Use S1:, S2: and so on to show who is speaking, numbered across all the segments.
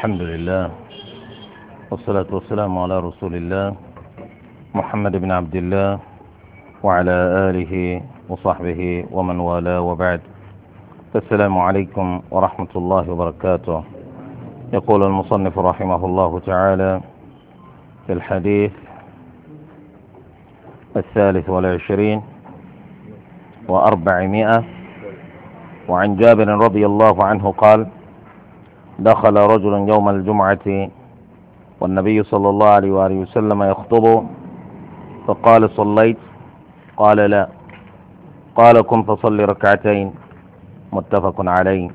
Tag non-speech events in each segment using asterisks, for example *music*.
S1: الحمد لله والصلاة والسلام على رسول الله محمد بن عبد الله وعلى آله وصحبه ومن والاه وبعد السلام عليكم ورحمة الله وبركاته يقول المصنف رحمه الله تعالى في الحديث الثالث والعشرين وأربعمائة وعن جابر رضي الله عنه قال دخل رجل يوم الجمعة والنبي صلى الله عليه وآله وسلم يخطب فقال صليت قال لا قال كن فصل ركعتين متفق عليه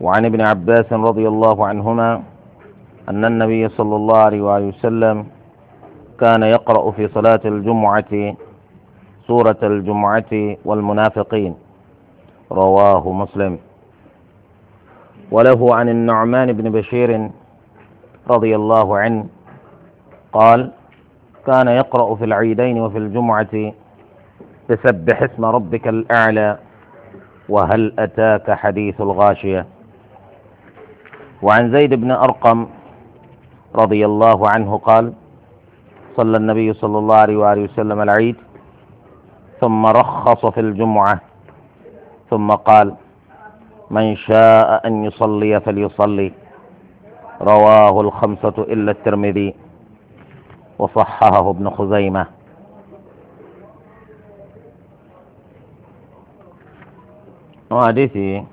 S1: وعن ابن عباس رضي الله عنهما أن النبي صلى الله عليه وآله وسلم كان يقرأ في صلاة الجمعة سورة الجمعة والمنافقين رواه مسلم وله عن النعمان بن بشير رضي الله عنه قال كان يقرأ في العيدين وفي الجمعة تسبح اسم ربك الأعلى وهل أتاك حديث الغاشية وعن زيد بن أرقم رضي الله عنه قال صلى النبي صلى الله عليه وآله وسلم العيد ثم رخص في الجمعة ثم قال من شاء أن يصلي فليصلي رواه الخمسة إلا الترمذي وصححه ابن خزيمة وحديثي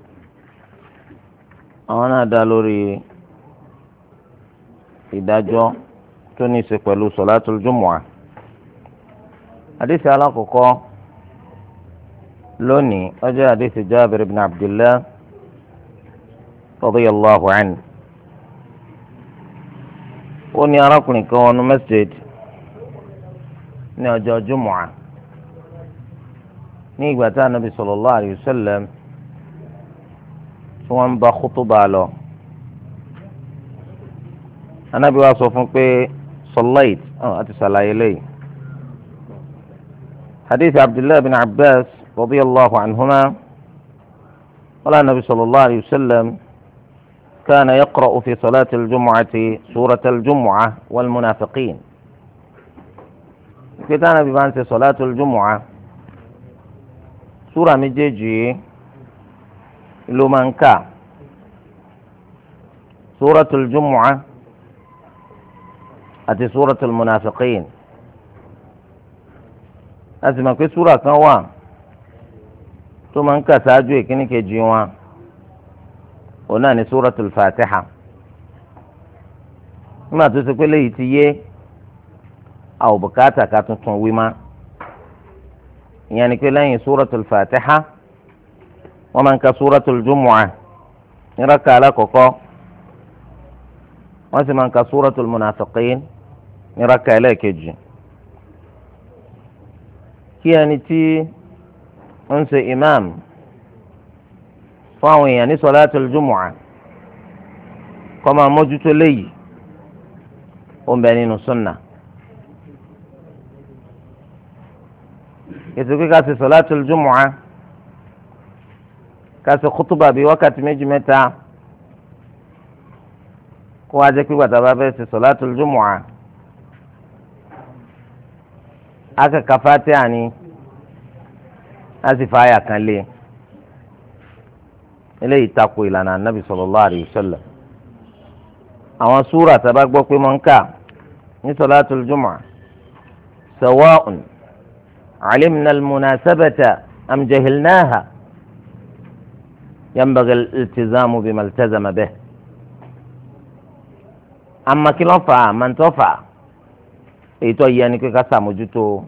S1: أنا دالوري في داجو تونس قبل صلاة الجمعة حديثي على لوني أجا حديث جابر بن عبد الله radiyallahu anhu ó ní arákùnrin kan wọnú masjid ní ọjọ́ jùmọ̀à ní ìgbà tá ànábì sallallahu alayhi wa sallam tí wọ́n ń bá kútúbà lọ ànábì wa sọ fún pé sọláìt àti sàlàyé lẹ́yìn hadith abdullahi bin abbas radiyallahu anhuma wọ́n lánàbì sallallahu alayhi wa sallam. كان يقرأ في صلاة الجمعة سورة الجمعة والمنافقين كتانا ببان في صلاة الجمعة سورة مجيجي لمنكا سورة الجمعة أتي سورة المنافقين أسمع في سورة كوام ثم أنك ساجوي كنك جيوان òun náà ni suratul fatiha nígbà tó ṣe pé léyìí ti yé àwòbùkátà ká tuntun wí má ìyẹn ni pé lẹ́yìn suratul fatiha wọ́n máa ń ka suratul jumu'ah nira kaala kọ́kọ́ wọ́n sì máa ń ka suratul munafiqin nira kaala kejì kí ẹni tí ń ṣe imam fún àwọn èèyàn ní sọlátul jumu'a kọ́ máa mójútó léyìí ó ń bẹ nínú sunna. ètò kíkà sí sọlátul jumu'a ká ṣe kútùbà bíi wákàtí méjì mẹ́ta kó wá jẹ́ pé bàtà bá fẹ́ ṣe sọlátul jumu'a akẹ́kọ̀ọ́ fatiha ni a sì fa àyà kan lé e. eléyìí tako ìlànà anabi sallallahu alayhi wa sallam àwọn súra tàbá gbọ́ pé mọ ń kà ní salatul jumu'ah sawa'un alimna almunasabata am jahilnaha yanbaghi al-iltizamu bima iltazama bihi àmọ́ kí ló fà á àmọ́ tó fà á èyí tó yẹ ni pé ká ṣàmójútó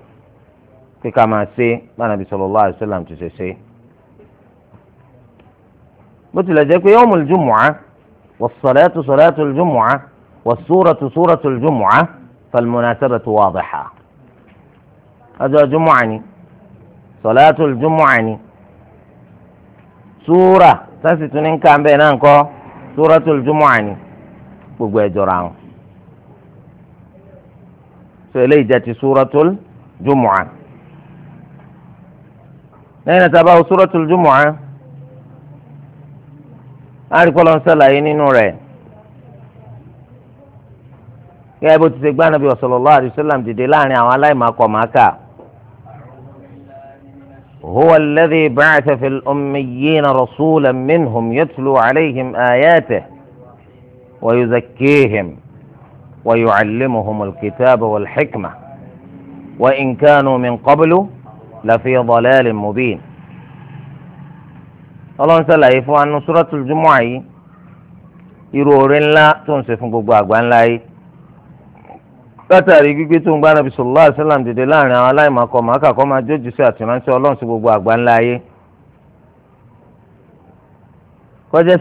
S1: pé ká máa ṣe bá nàbí sallallahu alayhi wa sallam ṣe ṣe. قلت ذلك يوم الجمعة والصلاة صلاة الجمعة والسورة سورة الجمعة فالمناسبة واضحة هذا جمعة صلاة الجمعة سورة تنين كان بينانكو سورة الجمعة بقوة جران سيلي جاتي سورة الجمعة أين تبعه سورة الجمعة؟ arikọlọ sọláyé nínú rẹ̀ gẹ́gẹ́ bó ti ṣe gbá nàbí sallallahu alaihi wasallam dìde láàrin àwọn aláìmọ̀kọ̀ màkà. هو الذي بعث في الأميين رسولا منهم يتلو عليهم آياته ويزكيهم ويعلمهم الكتاب والحكمة وإن كانوا من قبل لفي ضلال مبين ọlọ́run sàlàyé fún anú suratul Jumu'ah yìí irú oore ńlá tó ń ṣe fún gbogbo àgbà ńlá yìí látàrí gbígbé tó ń gbá nàbì sallallahu dìde láàrin àwọn aláìmọ̀kọ́ màákàkọ́ máa jójú sí gbogbo àgbà ńlá yìí kọjá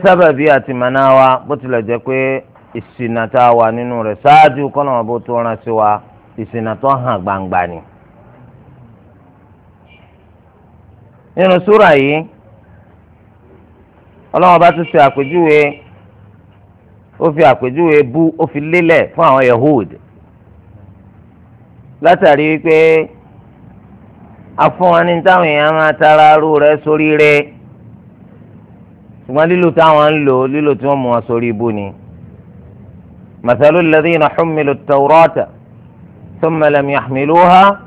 S1: àti bó tilẹ̀ jẹ́ pé tá a wà nínú rẹ̀ ṣáájú tó rán sí wa tó hàn ọlọ́wọ́n bá tún ṣe àpèjúwe ó fi àpèjúwe bú ó fi lélẹ̀ fún àwọn Yahud látàrí wípé afọ́nwani táwọn èèyàn máa tara aró rẹ sórí rẹ ṣùgbọ́n lílo táwọn ń lò lílo tí wọ́n mú wọn sórí ibú ni. مثل الذين حملوا التوراة ثم لم يحملوها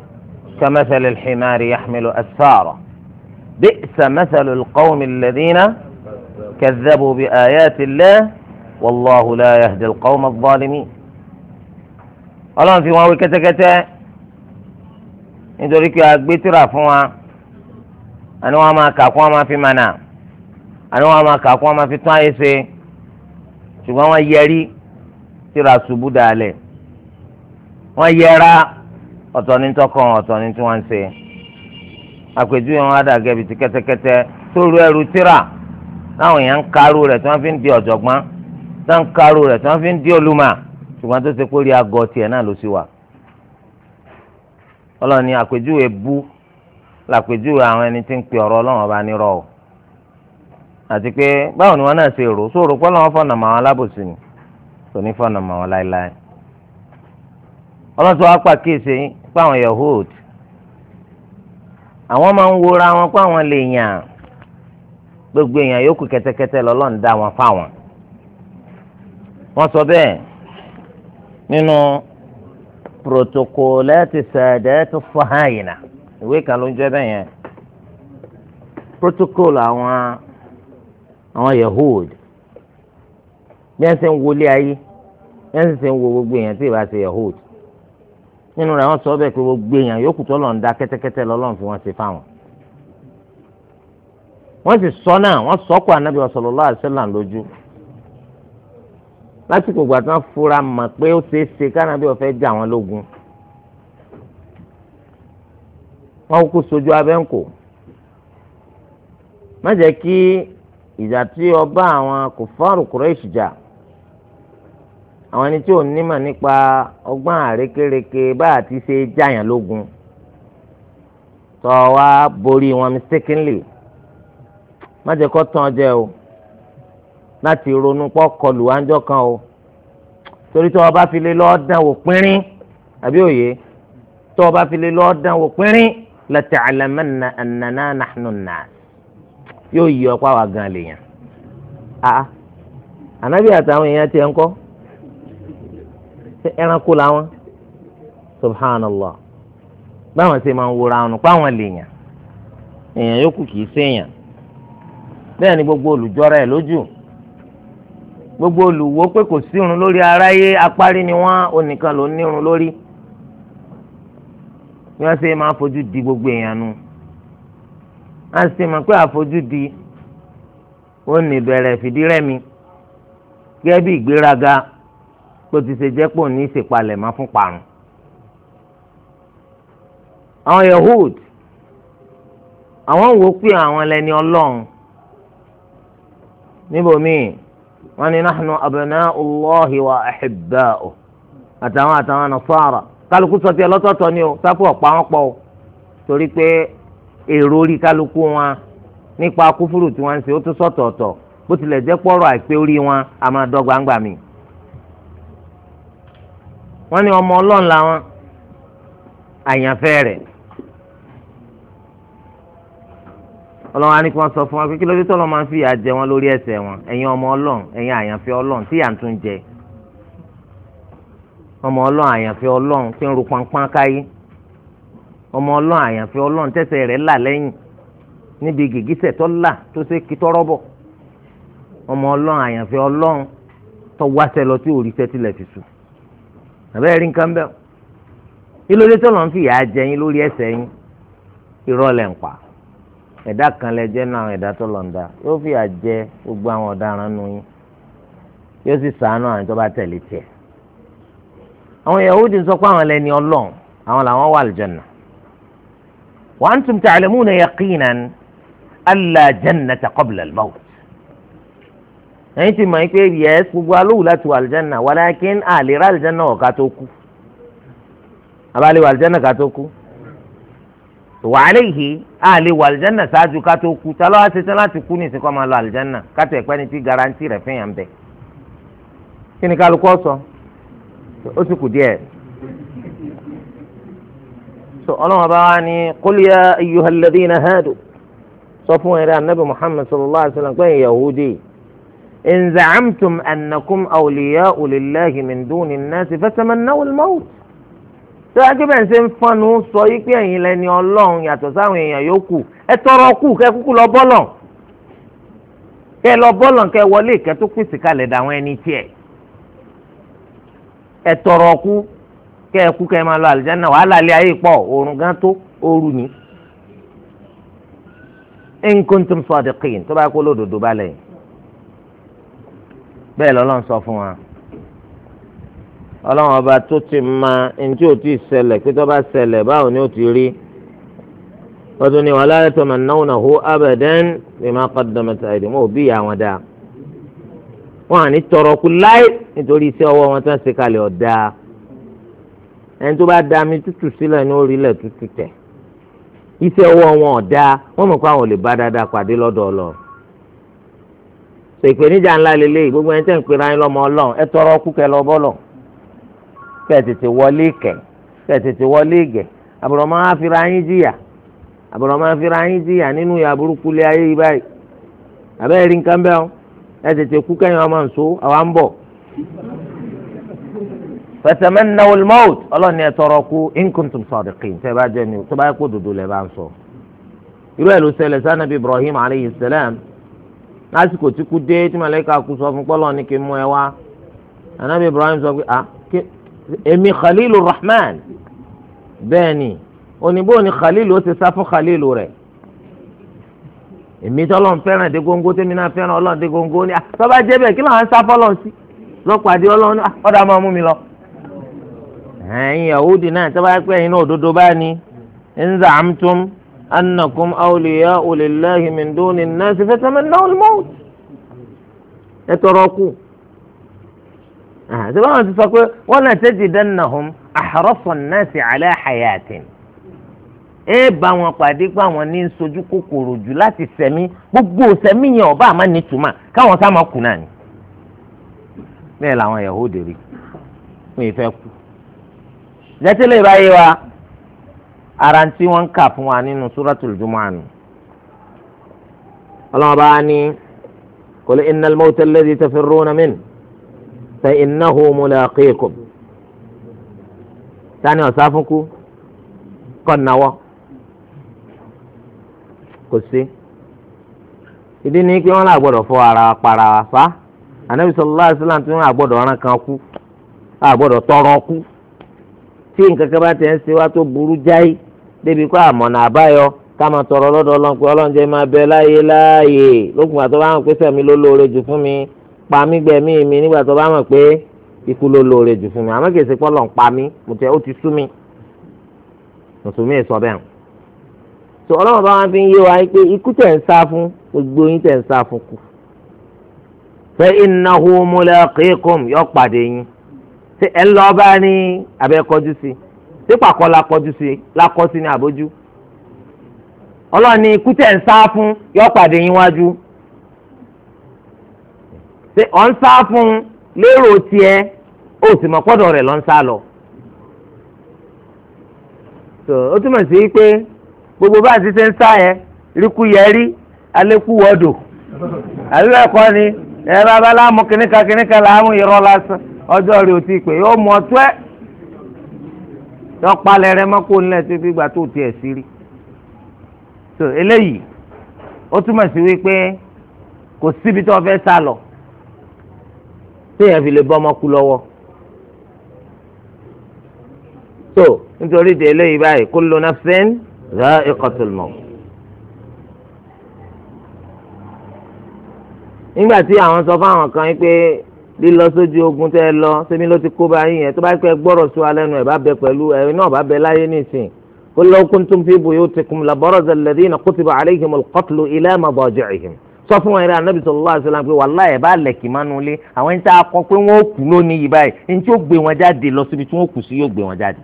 S1: كمثل الحمار يحمل أسفارا بئس مثل القوم الذين كذبوا بآيات الله والله لا يهدي القوم الظالمين Ọlọ́run fi wọn wí kẹ́tẹ́kẹ́tẹ́ nítorí pé agbétìrà fún wa àni wọn máa kà kó wọn máa fi mànà àni wọn máa kà kó wọn máa fi tún ayé ṣe ṣùgbọ́n wọn yẹrí tìrà ṣubú dalẹ̀ wọn yẹra ọ̀tọ̀ ní tọkàn ọ̀tọ̀ ní tí wọ́n ń ṣe àpèjúwe wọn á dà gẹ́bi ti kẹ́tẹ́kẹ́tẹ́ tó ru ẹrù tìrà. táwọn èèyàn ń karú rẹ̀ tí wọ́n fi ń di ọ̀jọ̀gbọ́n tá ń karú rẹ̀ tí wọ́n fi ń di oluma ṣùgbọ́n tó ṣe pé rí agọ tiẹ̀ náà ló sì wà. ọlọ́run ni àpèjúwe bú làpèjúwe àwọn ẹni tí ń ọ̀rọ̀ ọlọ́run ọba nírọ̀ o àti pé báwo ni wọ́n náà ṣe rò sóòrò pé ọlọ́run fọ̀nà màwọn alábòsí ni kò ní fọ̀nà màwọn láéláé. ọlọ́run gbogbo èèyàn yòókù kẹ́tẹ́kẹ́tẹ́ lọ́lọ́run dá wọn fáwọn wọ́n sọ bẹ́ẹ̀ nínú protokolẹ́ẹ̀tì sẹ̀dẹ́ẹ̀tì fọ́hányìnà ìwé kan ló ń jẹ́ bẹ́ẹ̀ yẹn protocol àwọn àwọn yahood bí wọ́n ṣe ń wọlé ayé bí wọ́n ṣe ń wo gbogbo èèyàn tí ìbá yahood nínú rẹ̀ wọ́n sọ bẹ́ẹ̀ pé gbogbo èèyàn yòókù tọ́lọ́run dá kẹ́tẹ́kẹ́tẹ́ lọ́lọ́run fi wọ́n ṣe fáwọn wọ́n sì sọ náà wọ́n sọ́kù anabi sallallahu alaihi wasallam lójú lásìkò ìgbà tí wọ́n fura mọ̀ pé ó ṣeé ṣe kánabi ọ̀fẹ́ jà wọ́n lógun wọ́n kú sojú abẹ́ǹkò má jẹ́ kí ìjà tí ọba àwọn kòfáàrù kùrẹ́ẹ̀ṣì jà àwọn ẹni tí ò nímọ̀ nípa ọgbọ́n àrékérekè báyà ti ṣe jàyàn lógun tọ́ wa borí wọn mistakenly. má jẹ́ kó tán jẹ o láti ronú pọ́ kọlù àńjọ kan o torí tó o bá fi lé lọ́ọ́ dán wò pínrín àbí òye tó o bá fi lé lọ́ọ́ dán wò pínrín la ta'lamanna annana nahnu an-nas yóò yí ọ pa wà gan lèèyàn àá ànábì àtàwọn èèyàn tiẹ̀ ń kọ́ ẹranko làwọn subhanallah báwọn ṣe máa ń wúra wọn pa wọn lèèyàn èèyàn yókù kì í ṣèèyàn bẹ́ẹ̀ ni gbogbo olùjọ́ra ẹ̀ lójú gbogbo olùwò pé kò sírun lórí aráyé apárí ni wọ́n onìkan ló nírun lórí bí wọ́n ṣe máa fojú di gbogbo èèyàn nu a sì mọ̀ pé àfojú di ó ní ìbẹ̀rẹ̀ fìdírẹ́mi gẹ́gẹ́ bí ìgbéraga tó ti ṣe jẹ́ pò ní ìṣèpalẹ̀mọ́ fún parun àwọn Yahud àwọn wò pé àwọn lẹni Ọlọ́run níbòmíì wọ́n ni na abna'u Allahi wa ahibba'uhu àtàwọn àtàwọn nasara kálukú sọ tiẹ̀ lọ́tọ̀ọ̀tọ̀ ni o sáfù ọ̀pá wọn pọ̀ o torí pé èrò orí kálukú wọn nípa kúfúrú tí ń wọn a máa mi. ọmọ ọlọ́run á ní kí wọ́n sọ fún wa pé kí ló dé tọ́lọ́ máa ń fìyà jẹ wọn lórí ẹ̀ṣẹ̀ wọn ẹ̀yin ọmọ ọlọ́run ẹ̀yin àyànfẹ́ ọlọ́run tíyà ń tún jẹ ọmọ ọlọ́run àyànfẹ́ ọlọ́run tí ń ru pánpán káyé ọmọ ọlọ́run àyànfẹ́ ọlọ́run tẹ́sẹ̀ rẹ̀ là lẹ́yìn níbi gìgísẹ̀ tó là tó ṣe kí tọ́rọ́ bọ̀ ọmọ ọlọ́run àyànfẹ́ ọlọ́run tó wáṣẹ lọ tí òrìṣẹ́ tilẹ̀ fi sùn àbẹ́rẹ́ nǹkan bẹ́ẹ̀ ilé olóṣèlú ń fìyà jẹ ẹ̀dá kan lẹ jẹ́ náà ẹ̀dá tó lọ́ńdà yóò fi àjẹ gbogbo àwọn ọ̀daràn nù yín yóò sì sàánú àwọn tó bá tẹ̀lé tiẹ̀. àwọn Yahudi sọ pé àwọn lẹni ọlọ́run àwọn làwọn wà àlùjànnà. wa antum ta'lamuna yaqinan alla jannata qabla al-mawt. ẹ̀yin ti mọ̀ ẹ́ pé yẹ gbogbo alówù láti wà àlùjànnà walakin àlèrè àlùjànnà ọ̀ká tó wàhálà yìí a lè wọ àlìjánà ṣáájú ká tó kú tá lọ́wọ́ ṣetán láti kú ní ìsìnkú ọmọ lọ àlìjánà ká tẹ̀ pẹ́ni tí garanti rẹ̀ fẹ́yàn ń bẹ̀. kí ni kálukú sọ ó sì kù díẹ̀. sọ ọlọ́wọ́n bá wá ní kólíyà ayyuhalladhina hadu sọ fún ẹ̀rẹ́ anabi muhammad sallallahu alayhi wa sallam pẹ́yìn yahudi in za'amtum annakum awliya'u lillahi min duni nnasi fatamannaw al-maut tó yá kí bẹ́ẹ̀ ṣe ń fọnù sọ yí pé ẹ̀yin lẹni ọlọ́run yàtọ̀ sáwọn èèyàn yòókù ẹ tọrọ kù kẹ kúkú lọ bọ́lọ̀ kẹ lọ bọ́lọ̀ kẹ wọlé kẹ tó pèsè kalẹ̀ dàwọn ẹni tiẹ̀ ẹ tọrọ kù kẹ ẹ kú kẹ máa lọ àlùjáná wàhálà ilé ayé pọ̀ òórùn gan tó ooru ni in kuntum tó bá kó lódodo balẹ̀ bẹ́ẹ̀ lọ́lọ́run sọ fún wa ọlọ́run ọba tó ti ma ntí ò ti ṣẹlẹ̀ pé tó bá ṣẹlẹ̀ báwo ni ó ti rí wọ́n tún ní wala yatamannawnahu abadan bima qaddamat aydihim wọn ò bí ìyá wọn dáa wọn à ní tọrọ kú láì nítorí iṣẹ́ ọwọ́ wọn tán ṣe kalẹ̀ ọ̀dà ẹni tó bá da mi tútù sílẹ̀ ní orílẹ̀ tútù tẹ̀ iṣẹ́ ọwọ́ wọn ọ̀dà wọ́n mọ̀ pé àwọn ò lè bá dáadáa pàdé lọ́dọ̀ ọlọ́run ṣèpèníjà ńlá lélẹ́yìí gbogbo ẹni tẹ́ ń pera yín lọ́mọ ọlọ́run ẹ tọrọ kú kẹ lọ bọ́lọ̀ kẹ́ tètè wọlé kẹ́ kẹ́ tètè wọlé gẹ̀ àbùrọ̀ máa fi ra yín jìyà àbùrọ̀ máa fi ra yín jìyà nínú ìyà burúkú lé ayé yìí báyìí àbẹ́rẹ́ rí nǹkan bẹ́ẹ̀ ẹ tètè kú kẹ́yìn ọmọ nso àwa ń bọ̀ fatamanna al-maut ọlọ́ni ẹ tọrọ kú in kuntum sadiqin bá jẹ́ ni tó bá yẹ kó dodo lẹ́ bá ń sọ irú ẹ̀ ló ṣẹlẹ̀ sanabi ibrahim aleyhi salam lásìkò tí kú dé tí màlẹ́kà kú sọ fún pọ́lọ́ ni kí n mú ẹ wá anabi ibrahim sọ pé ah èmi khalilu rahman bẹ́ẹ̀ ni oníbó ni khalilu ó ti sá fún khalilu rẹ̀ èmi tí ọlọ́run fẹ́ràn dé góńgó tèmi náà fẹ́ràn ọlọ́run dé góńgó ni ah, tọ́ba jẹ́ bẹ́ẹ̀ kí làwọn ń sá fọ́lọ́run sí lọ́pàdé ọlọ́run ní ah, ọ̀dà máa mú mi lọ. ẹ̀yin yahudi náà tọ́ba pẹ́ ẹ̀yin náà òdodo bá ní in za'amtum annakum awliya'u lillahi min duni nnasi fatamannaw al-maut ẹ tọrọ kù ṣé báwọn ti sọ pé wọn náà tẹ́tí dáná hùm àhárọ́sọ̀ náà sì alẹ́ àyàtìn ẹ bá wọn pàdé pé àwọn ní sojú kòkòrò jù láti sẹ̀mí gbogbo sẹ̀mí yẹn ọba àmà nítumọ̀ káwọn sá máa kù náà ni bẹ́ẹ̀ làwọn Yahudi rí wọn ìfẹ́ kú jẹ́tílẹ̀ báyìí wa ara tí wọ́n ń kà fún wa nínú suratul Jumu'ah àná ọlọ́mọba ni qul innal mawta alladhi tafirruna فإنه ملاقيكم tani ọ̀sáfúnkú kọ̀nàwọ́ kò sí ìdí ni pé wọ́n là gbọ́dọ̀ fọ ara para wa fa anabi sallallahu alaihi wasallam tí wọ́n là gbọ́dọ̀ ọ̀ràn kan kú à gbọ́dọ̀ tọrọ kú tí nǹkan kan bá tẹ̀ ń ṣe wá tó burú jáì débi kó àmọ̀nà àbáyọ ká tọrọ lọ́dọ̀ ọlọ́run pé máa bẹ láyé láàyè lókùn àti àwọn pèsè mi ló lóore jù fún mi pa mí gbẹ̀mí mi nígbà tó bá mọ̀ pé ikú ló lóore jù fún mi àmọ́ kìí ṣe pé Ọlọ́run pa mí mo tẹ ó ti sú mi mùsùlùmí sọ bẹ́ẹ̀ tó Ọlọ́run bá wọn fi ń yé wa pé ikú tẹ̀ ń sá fún gbogbo yín tẹ̀ ń sá fún kù fa innahu mulaqikum yọ pàdé yín ṣé ẹ lọ bá ní abẹ́ kọjú sí ṣé pàkọ́ la kọjú sí la kọ́ sí ní àbójú Ọlọ́run ni ikú tẹ̀ ń sá fún yọ pàdé yín wájú ṣe ọ̀ ń sá fún un lérò tiẹ̀ ó sì mọ̀ pọ́dọ̀ rẹ̀ lọ́ ń sá lọ. tó o túmọ̀ sí pé gbogbo bá a ti ṣe ń sá yẹn ríkú yẹ rí alẹ́kú wọ́dọ̀ àbíbẹ̀ ẹ̀kọ́ ni ẹ bá bá láàmú kìnnìkan kìnnìkan láàmú irọ́ lásán ọjọ́ rẹ̀ ò ti pè yóò mọ̀ tó ẹ̀ yọ palẹ̀ rẹ mọ́ kó nílẹ̀ tó fi gbà tó tiẹ̀ sí rí. tó eléyìí ó túmọ̀ sí wípé kò síbi tó fẹ́ sá lọ téèyàn fi lè bọ́ ọmọ kú lọ́wọ́ so nítorí de eléyìí báyìí kullu nafsin dha'iqatul maut. nígbà tí àwọn sọ fáwọn kan yìí pé lílọ sójú ogun tẹ́ ẹ lọ sẹ́mi ló ti kó bá yín yẹn tó bá pẹ́ gbọ́rọ̀ sí wa lẹ́nu ẹ̀ bá bẹ pẹ̀lú ẹ̀ náà bá bẹ láyé nísìn qul law kuntum fi buyutikum la baraza alladhina kutiba alayhimul qatlu ila madaji'ihim sọ fún wọn eré anabi sallallahu alaihi wasallam pé wàláyé bá lẹ̀kì mánú ilé àwọn ẹni tá a kọ pé wọn ò kú lónìí yìí báyìí ẹni tí ó gbé wọn jáde lọ síbi tí wọn kù sí yóò gbé wọn jáde.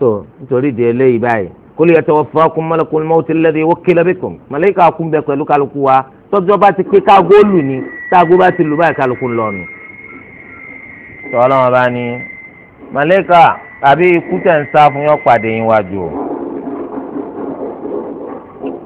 S1: so nítorí di eléyìí báyìí kul yatawaffakum malakul mawti alladhi wukkila bikum màlẹ́kà kún bẹ pẹ̀lú kálukú wa tọ́jọ́ bá ti pé káàgó lù ní táàgó bá ti lù báyìí kálukú lọ́nu. sọ ọlọ́run bá ní màlẹ́kà àbí ikú tẹ̀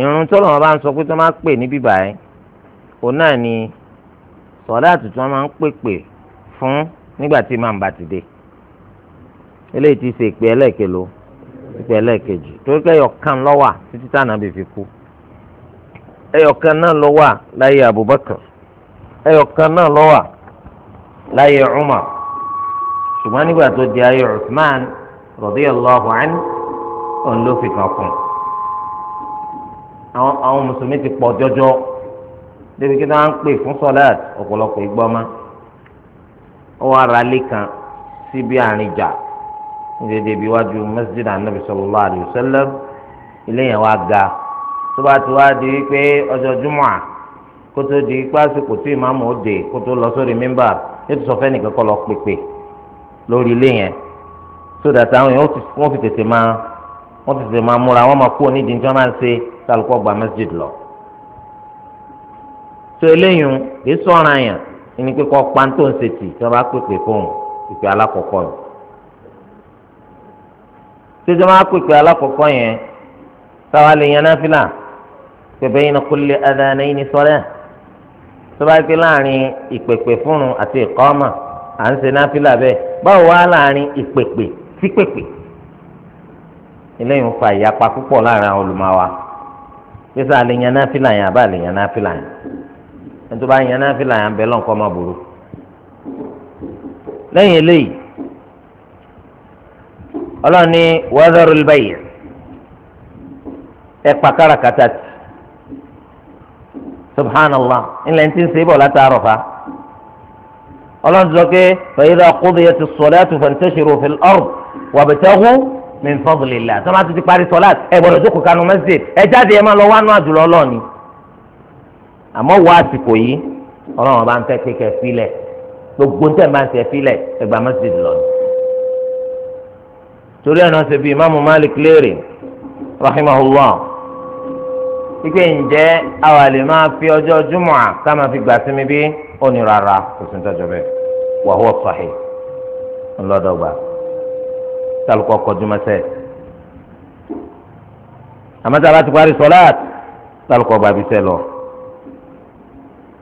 S1: ìrun tó lọ́wọ́ bá ń sọ pé pè ní bíbá ẹ̀ òun náà ni sọ̀láàtì tí wọ́n máa ń pè fún nígbà tí màá bá ti dé eléyìí ti ṣe ìpè ẹlẹ́ẹ̀kelo ìpè ẹlẹ́ẹ̀kejì torí pé ẹyọkan lọ́wà títí tí ànábì ẹyọkan náà lọ́wà láyé Abubakar ẹyọkan náà lọ́wà láyé Umar ṣùgbọ́n nígbà tó di ayé òun ló àwọn mùsùlùmí ti pọ̀ jọjọ débi kí wọ́n á ń pè fún sọ́láàt ọ̀pọ̀lọpọ̀ ìgbọ́mọ́ ó wá ra ilé kan síbi àárín ìjà nídéédé bí wájú masjid anabi sallallahu alayhi wa sallam ilé yẹn wá ga tó bá ti wá di pé ọjọ́ júmọ̀ à kó tó di pásìkò tí ìmáàmù ó dé kó tó lọ sórí mímbà yóò ti sọ fẹ́ nìkan kọ́ lọ pèpè lórí ilé yẹn sódà táwọn yẹn wọ́n fi tètè máa múra wọ́n máa kú onídìí tí wọ́n máa ń ṣe kálukọ́ gba masjid lọ. tó eléyìí kì í sọ̀ràn yàn ẹni pé kọ́ pàǹtó ń ṣe tì tí wọ́n bá pèpè fóun ìpè alákọ̀ọ́kọ́ yìí. tó tí wọ́n bá pèpè alákọ̀ọ́kọ́ yẹn táwa lè náfìlà pèpè yìí ní kulli adhanayn salat tó bá gbé láàrin ìpèpè fóun àti ìkọ́mà à ń ṣe náfìlà bẹ́ẹ̀ báwo wá láàrin ìpèpè sí pèpè eléyìí ń fa ìyapa púpọ̀ láàrin olùmọ̀ wa pèsè àlèyàn náà fìlà yẹn àbá àlèyàn náà fìlà yẹn ẹtù bá yẹn náà fìlà yẹn bẹ lọ́nkọ́ má burú. lẹ́yìn eléyìí ọlọ́run ní wọ́ọ́dọ́rù lùbẹ́yì ẹ pa kárakáta tì subhanallah ilẹ̀ ń ti ń ṣe látàárọ̀ fa ọlọ́run ti sọ pé fa idha qudiyati as-salatu fantashiru fil ard wabtaghu min fadlillah tó máa ti ti parí sọláàtì ẹ gbọ́dọ̀ jókòó kanu masjid ẹ jáde ẹ máa lọ wá nú àdúrà ọlọ́ọ̀ni àmọ́ wá àsìkò yìí ọlọ́run bá ń fẹ́ kékeré filẹ̀ gbogbo ntẹ̀ máa ń tẹ̀ filẹ̀ ẹgbàá masjid lọ ni. torí ẹ̀ náà ṣe bí imaamu malik léèrè rahimahullah ike ǹjẹ́ àwa lè máa fi ọjọ́ jumu'a ká máa fi gbà sinmi bí ó ní rárá kò sí ní tọ́jú bẹ́ẹ̀ wa kálukọ kọjúmọsẹ àmọtá bá ti parí sọláàt kálukọ bàbísẹ lọ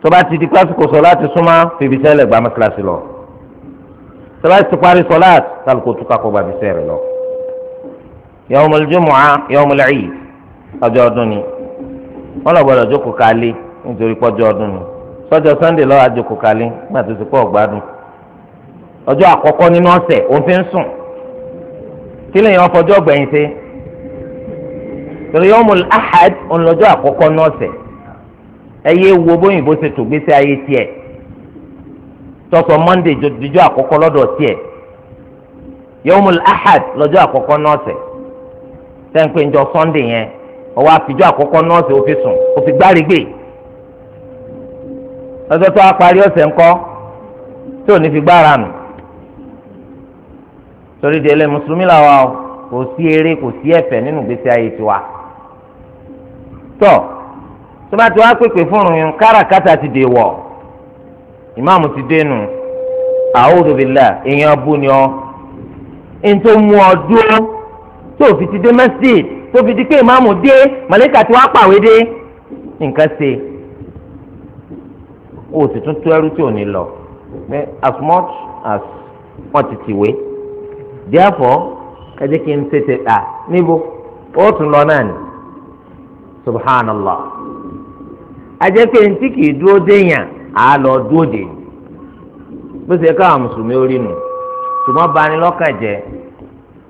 S1: tọba ti di kásìkò sọláàt suma fìbísẹ lẹ gbà mọsálásí lọ tọba ti parí sọláàt kálukọ tún kakọ bàbísẹ rẹ lọ yawmul jumu'a yawmul eid ọjọ́ ọdún ni wọn lọ gbọ́dọ̀ jókòó kálí nítorí pọjọ ọdún ni sọjọ sunday lọ àjòkò kálí nígbà tó ti pọ ọgbádùn ọjọ́ àkọ́kọ́ nínú ọ̀sẹ̀ òun fi ń sùn. kí lè yàn fọjọ́ gbẹ̀yìn sí torí ahad ọlọ́jọ́ àkọ́kọ́ nọ́ọ̀sẹ̀ ẹ yé wo bóyìnbó ṣe tó gbèsè ayé tiẹ̀ tọ́sọ monday jọjọ́ àkọ́kọ́ lọ́dọ̀ tiẹ̀ ahad lọ́jọ́ àkọ́kọ́ nọ́ọ̀sẹ̀ sẹ́ńpẹ́ njọ sunday yẹn ọwọ́ àfijọ́ àkọ́kọ́ nọ́ọ̀sẹ̀ fi sùn fi tó a parí ọ̀sẹ̀ ńkọ́ ní fi torí délé mùsùlùmí làwa o kò sí eré kò sí ẹ̀fẹ̀ nínú gbèsè ayé tiwa tọ tó bá ti wá pèpè fún un káràkátà ti dè wọ ìmáàmù ti dénú a'udhu billah èèyàn bú ni ọ ntọ́ mu ọ dúró tó fi ti dé masjid tó fi di pé ìmáàmù dé màlẹ́kà tí wàá pàwé dé nǹkan ṣe o sì tún tó ẹrú tí ò ní lọ as much as wọ́n ti tìwé. therefore ẹ kí n tètè à níbo ó tún lọ náà ni subhanallah ajẹ́ pé ntí kì í dúró déyàn káwọn mùsùlùmí ó rí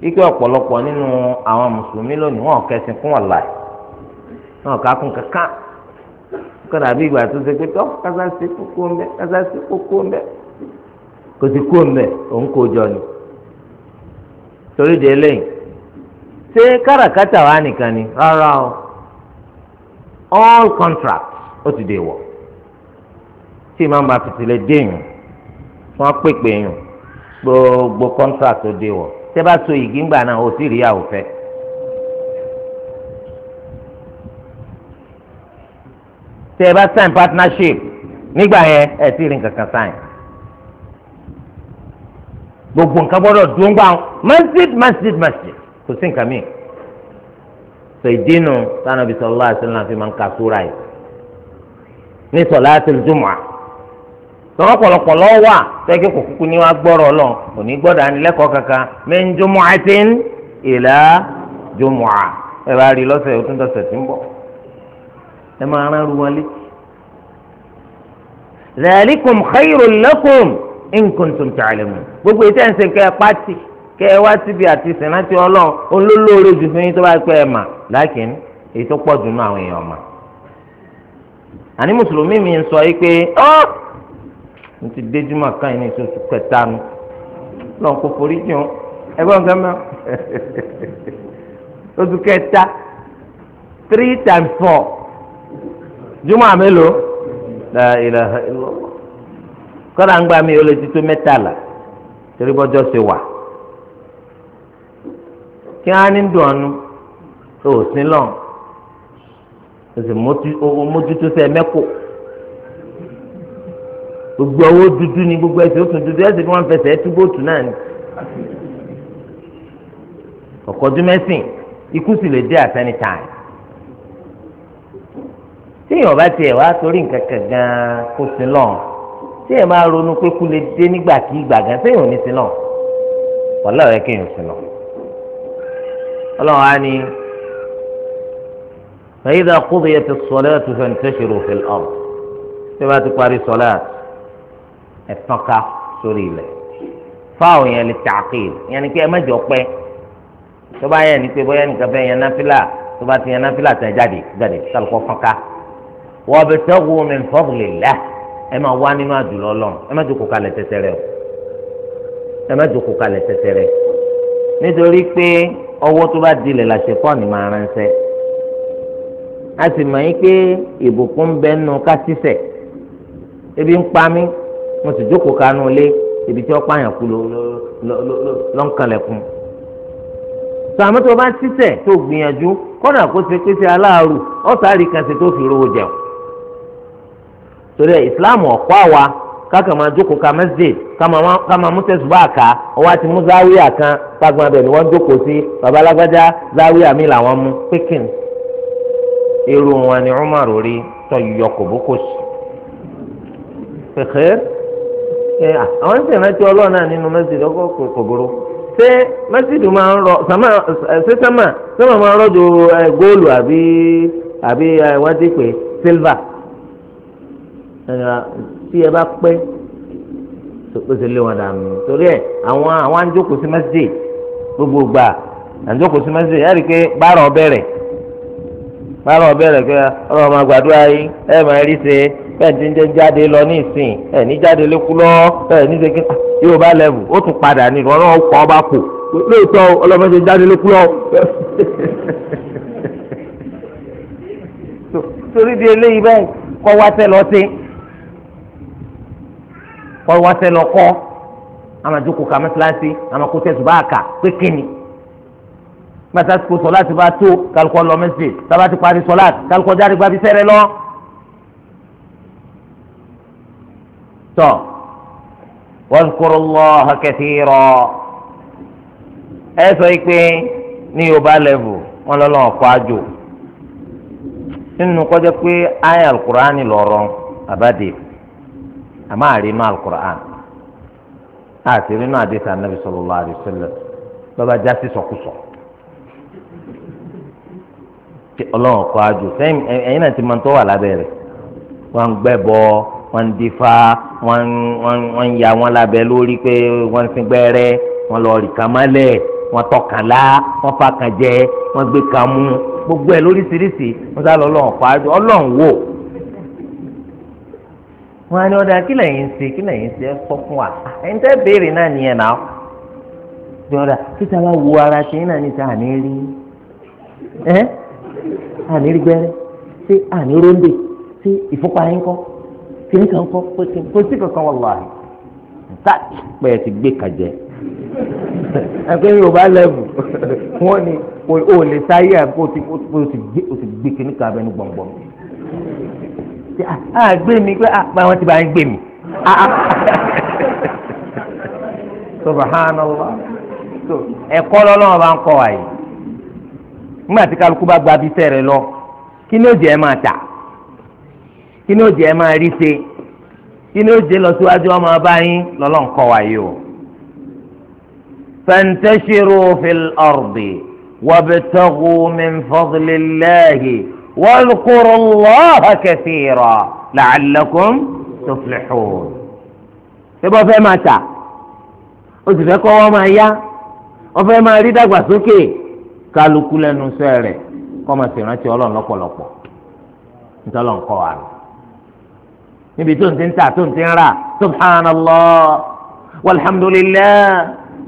S1: ike ọ̀pọ̀lọpọ̀ nínú àwọn mùsùlùmí lónìí wọn kẹsìn fún ọ̀la wọn kà kún kankan kọ́nà àbí ìgbà tó ṣe pé tọ́ torí de eléyìí ṣé káràkátà wa nìkan ni rárá o all contract ó ti dè wọ̀ tí màá ma fìtìlẹ̀ déyìn wọ́n pèpè yìn gbogbo contract ó dè wọ̀ tẹ́ bá so yìí gbà náà ó sì rí àwọn fẹ́. tẹ́ bá sign partnership nígbà yẹn ẹ̀ sì rí nǹkan sign. gbogbo nǹkan gbọ́dọ̀ dùn ún gbà wọn masjid masjid masjid kò sí nǹkan mìíràn sọ ìdínú sanabi sallallahu alaihi wasallam fi máa ń ka súra yìí ní sọláàtì jùmọ̀à tọ́wọ́ pọ̀lọpọ̀ lọ́wọ́ wà tẹ́kẹ́ kò kúkú ní wá gbọ́rọ̀ lọ kò ní gbọ́dọ̀ ànilẹ́kọ̀ọ́ kankan min jumu'atin ila jumu'a ẹ bá rí lọ́sẹ̀ ó tún dọ̀sẹ̀ ń bọ̀ ẹ máa rán ru wọn létí. nkuntum tàlẹ́mù gbogbo ètò ẹ̀sìn kẹ́ ẹ pàtì kẹ́ ẹ wá síbi àti sẹ̀nàtì ọlọ́run olólóore jù fún yín tó bá pẹ́ ẹ mà lákìn èyí tó pọ̀ jù àwọn èèyàn mà. àní mùsùlùmí mi ń sọ yìí pé ọ́ mo ti déjúmọ̀ kan yìí ní *laughs* oṣù kẹta nu lọ́n kò forí jùn oṣù kẹta kọ́dà ń gbà mí ó lè ti tó mẹ́tàlá torí bọ́jọ́ ṣe wà kí á ní dùn ọ́nú tó sí lọ́n o sì mójútó sẹ́ mẹ́kò gbogbo owó dúdú ni gbogbo ẹsẹ̀ ó tún dúdú ẹsẹ̀ fún wọn fẹsẹ̀ ẹ túbóòtù náà ni ọ̀kọ́dún mẹ́sìn ikú sì lè dé at any time tí èèyàn bá tiẹ̀ wá torí nǹkan kan gan-an kó sí lọ́n tí ẹ máa ronú pé kú lè dé nígbà tí ìgbà gan sẹ́yìn ò ní sinọ wàhálà rẹ kéèyàn sinọ Ọlọ́run á ní fẹyìdà kúndùn yẹn ti sọlẹ tó fẹ ntẹsẹ òfin ọm tí wọn ti parí sọlẹ ẹ sórí ilẹ̀ fáwọn yẹn lè tààkìl yẹn ni pé ẹ má jọ pẹ́ tó bá yẹn ni pé bóyá nìkan fẹ́ yẹn náfìlà tó bá ti yẹn náfìlà tẹ jáde jáde kálukọ fọnká wọ́n bẹ tẹ́wọ́ mi fọ́ọ̀lì lẹ́ẹ̀ ẹ máa wá nínú àdúrà Ọlọ́run ẹ má jókòó kalẹ̀ tẹtẹrẹ o ẹ má jókòó kalẹ̀ tẹtẹrẹ nítorí pé ọwọ́ tó bá dilẹ̀ làṣẹ pọ̀ ní máa ránṣẹ́ a sì mọ̀ yín pé ìbùkún bẹ́ nù ká sísẹ̀ ebi ń pa mí mo sì jókòó kanú lé ibi tí wọ́n pààyàn kú ló ń kalẹ̀kùn sàmú tó bá sísẹ̀ tó gbìyànjú kọ́nà kó ṣe pé ṣe aláàrù ọ̀sàárì kan tó fi rówó jẹun torí ẹ̀ ìsìláàmù ọ̀pọ̀ àwa kákan máa jókòó ka masjid ká máa mú tẹ̀sùbá àká ọwọ́ àti mú záwíà kan gbàgbọ́n abẹ ni wọ́n jókòó sí baba alágbájá záwíà mi làwọn mú pékin irú wọn ni Umar rí tọ́ yọ kòbókò sí pẹ̀kẹ́ àwọn ń sèrántí ọlọ́run náà nínú masjid ọkọ̀ kòkòrò ṣé masjid máa ń rọ ṣé sàmà sàmà máa ń rọ́jò góòlù àbí àbí wọ́n ti pè silver ẹnìyà tí ẹ bá pẹ́ ó sì lé wọn dànù torí ẹ àwọn àwọn àǹjókòó sí mẹsídẹ̀ẹ́ gbogbo gbà àǹjókòó sí mẹsídẹ̀ẹ́ ẹ rí i pé bárọ̀ bẹ̀rẹ̀ bárọ̀ bẹ̀rẹ̀ pé ọlọ́run máa gbàdúrà yín ẹ máa rí ṣe bẹ́ẹ̀ ti ń jẹ́ jáde lọ ní ìsìn ẹ ní jáde lékú lọ ẹ ní ṣe kí yóò bá lẹ́bù ó tún padà ní ìrọ̀rùn ọ̀pọ̀ ọba kù lóòótọ́ ọlọ́run ti jáde lékú lọ. *laughs* torí di eléyìí bẹ́ẹ̀ kọ́ wá tẹ́ lọ sí kọ́ wáṣẹ́ lọ kọ́ amadu kò ka mẹsàlásì amako tẹsù bá kà pé kíni gbàtà sọ sọlá ti bá tó kálukọ lọ mẹsì sábà ti parí sọlá kálukọ jáde gbabi sẹrẹ lọ. tọ wadhkuru Allaha kathira ẹ sọ pé ní yorùbá lẹ́vù wọn lọ́nà ọ̀kọ́ àjò nínú kọjá pé ayé alukur'ani lọ́rọ́ àbádé àmọ́ àrínú alukur'an àti rínú àdìsí anabi sallallahu alaihi wasallam lọ́ba jásí sọkúsọ ọlọ́run kọ́ àjò sẹ́yìn ẹ̀yin náà ti máa ń tọ́ wà lábẹ́ rẹ̀ wọ́n ń gbẹ́ bọ́ wọ́n ń dífá wọ́n ń ya wọ́n lábẹ́ lórí pé wọ́n ń sin gbẹ́rẹ́ wọ́n lọ rì kan mọ́lẹ̀ wọ́n tọkàn lá wọ́n fa kan jẹ wọ́n gbé kan mú gbogbo ẹ̀ lóríṣiríṣi wọ́n sá lọ ọlọ́run kọ́ àjò ọlọ́run wò. wọn á ní ọ̀dà kí lẹ́yìn ṣe kí lẹ́yìn ṣe ẹ fún wa ẹni tẹ́ béèrè náà nìyẹn náà bí wo ara ṣe ní àní rí ẹ àní rí gbẹ́rẹ́ ṣé àní róńdè ṣé ìfúnpá yín kọ́ ṣé nǹkan kọ́ sí kankan wọ́n lọ àyè tá ti gbé ní o lè sáyé àbí o ti gbé kíníkà pé ah, ah gbé mi pé ah báwọn ti bá ń gbé mi *laughs* ah, ah subhanallah so ẹ̀kọ́ lọ́lọ́wọ́ bá ń kọ́ wa yìí nígbà tí kálukú bá gba abisẹ́ rẹ lọ kí ni ó jẹ́ máa tà kí ni ó jẹ́ máa rí ṣe kí ni ó jẹ́ lọ síwájú ọmọ ọba yín lọ́lọ́wọ́ ń kọ́ o fantashiru fil ardi واذكروا الله كثيرا لعلكم تفلحون ṣébọ́ fẹ́ máa tà ó sì fẹ́ kọ́ wọ́n máa yá wọ́n fẹ́ máa rí dàgbàsókè kálukú lẹ́nu iṣẹ́ rẹ̀ kọ́ máa ṣèrántí ọlọ́run lọ́pọ̀lọpọ̀ ntọ́lọ́ nǹkan wà ní. níbi tó ń ti ń tà tó ń ti ń subhanallah walhamdulillah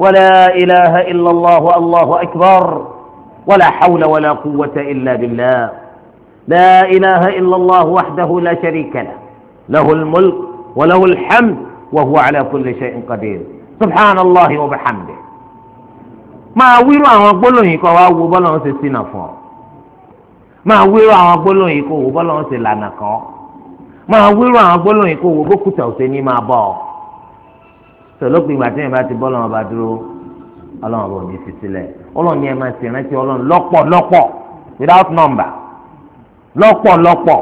S1: wala ilaha illallah allahu akbar wala hawla wala quwwata illa billah. لا إله إلا الله وحده لا شريك له له الملك وله الحمد وهو على كل شيء قدير سبحان الله وبحمده máa wíru àwọn gbólóyìn kan wá wo bọ́lá wọn ṣe ṣìnà fún ọ máa wíru àwọn gbólóyìn kan wo bọ́lá wọn ṣe lànà kan ọ máa wíru àwọn gbólóyìn kan wo bókútà òṣè ní máa bọ̀ ọ tòlópin ìgbà tí yẹn bá ti bọ́ lọ́wọ́ bá dúró ọlọ́run bò ní sísílẹ̀ ọlọ́run ni ẹ máa ṣèrántí ọlọ́run lọ́pọ̀ lọ́pọ̀ without number. lọ́pọ̀lọpọ̀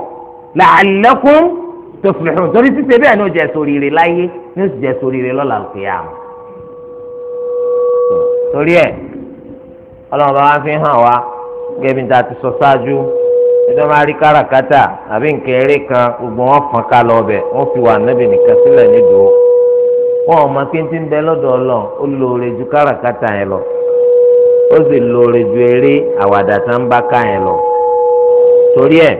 S1: la'allakum tuflihun torí ṣíṣe bẹ́ẹ̀ ní o jẹ́ sóríire láyé ní o sì jẹ́ sóríire lọ́la al-qiyam. torí ẹ̀ ọlọ́run bá wá fi hàn wá gẹ́gẹ́ bí a ti sọ ṣáájú ẹjọ́ máa rí káràkátà àbí nǹkan eré kan lọ ọbẹ̀ fi wà nábì nìkan sílẹ̀ nídùú wọn ọmọ kéńtì ń bẹ lọ́dọ̀ ó lóore ju yẹn lọ ó torí ẹ̀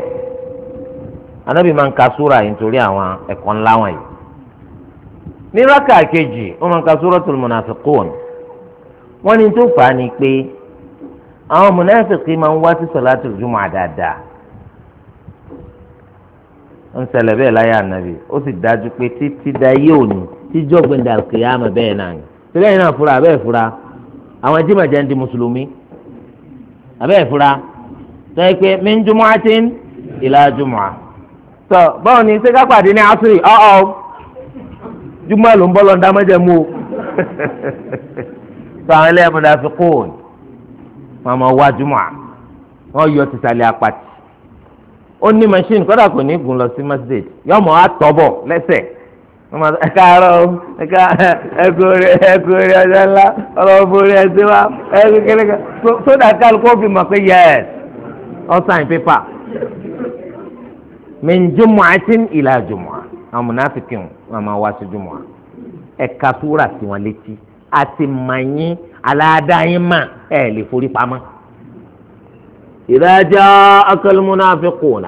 S1: anábì máa ń ka súra yìí nítorí àwọn ẹ̀kọ́ ńlá wọ̀nyí ní rákà kejì ó máa ń ka súratul munafiqun wọ́n ní tó fà á ni pé àwọn mùnàfíkì máa ń wá sí sọ̀láàtì jùmọ̀ àdáadáa ń ṣẹlẹ̀ bẹ́ẹ̀ láyé ànábì ó sì dájú pé títí da yé òní tíjọ́ gbẹ̀ndà kìyàmù bẹ́ẹ̀ náà ni síbẹ̀ yìí náà fura abẹ́ẹ̀ fura àwọn ẹjí màjẹ́ ń di mùsùlùmí abẹ́ẹ̀ fura tọ́yẹ pé min jumu'atin ila jumu'a. tọ́ báwo ni sẹ́ká pàdé ní asiri ọ̀ọ́ jùmọ̀ ló ń bọ́ lọ́ndà mọ́jẹ̀mú o. *laughs* tọ́ àwọn ilé ẹ̀mọ́dà fi kó o wọn mọ̀ wá jùmọ̀ wọn yọ tìtàlẹ̀ apàtì. ó ní machine kọ́dà kò ní gùn lọ sí masjid yọmọ àtọ́bọ̀ lẹ́sẹ̀ ẹkaarọ ẹka ẹkọrẹ ẹkọrẹ ọjà ńlá ọlọmọbìnrin ẹsẹ wa ẹkẹkẹrẹ sódà kálukọ fi mọ pé yẹs ọ̀sán pépà mẹ́njúmọ́ àti ìlà jùmọ́ àwọn mùnàfíkì wọn máa wá sí jùmọ́ ẹ̀ka súrà sí wọn létí àti mànyín aláàdáyín mà ẹ̀ lè forí pamọ́. إذا جاءك المنافقون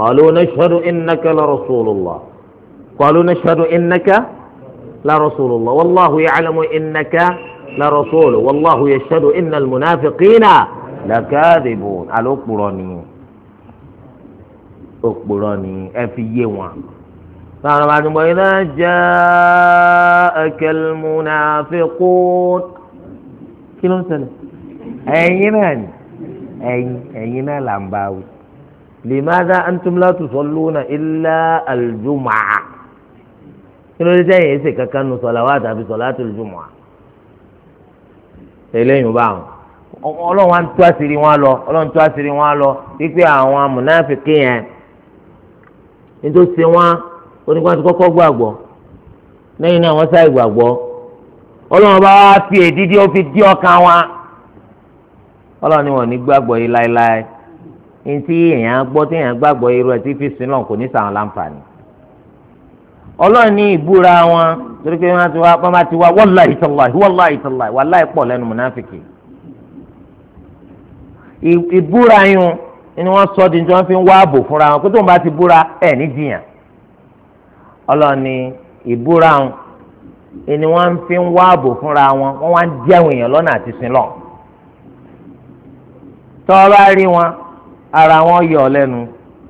S1: قالوا نشهد إنك لرسول الله قالوا نشهد إنك لرسول الله والله يعلم إنك لرسوله والله يشهد إن المنافقين làkàdìbò àlòkùrọ̀ nìyẹn òkùrọ̀ nìyẹn ẹ fi yé wọn. sọ̀rọ̀ bá dùnbọ̀ idha ja'akal munafiqun kí ló ń ṣẹlẹ̀ ẹ̀yin náà ni ẹ̀yin ẹ̀yin náà là ń bá wí. limadha antum la tusalluna illa al-jumu'ah kí ló dé sẹ́yìn ẹ̀sẹ̀ kankan nù sọ̀lá wa tàbí sọ̀lá tó lùjùmọ̀ à. bá wọn ọlọ́run wa ń tú àṣírí wọn lọ ọlọ́run tú àṣírí wọn lọ wípé àwọn amúnáfíkì yẹn nítòsí wọn onígbàtí kọ́kọ́ gbàgbọ́ lẹ́yìn náà wọ́n sáì gbàgbọ́ ọlọ́run bá wá fi èdídí ó fi dí ọkàn wa ọlọ́run ni wọ́n ní gbàgbọ́ yìí láéláé ní tí èèyàn gbọ́ tí èèyàn gbàgbọ́ irú ẹ̀ tí fi sin náà kò ní sàn láǹfààní ọlọ́run ní ìbúra wọn torí pé wọ́n ti wá wọ́n bá ti wá wallahi tallahi wallahi tallahi wallahi pọ̀ lẹ́nu mùnáfíkì ìbúra yun ni wọn sọ di tí wọn fi ń wá ààbò fúnra wọn pé tóun bá ti búra ẹ̀ ní jiyàn ọlọ́ni ìbúra wọn ni wọn fi ń wá ààbò fúnra wọn wọ́n wá ń jẹun èèyàn lọ́nà àti sinlọ́ tọ́ bá rí wọn ara wọn yọ̀ lẹ́nu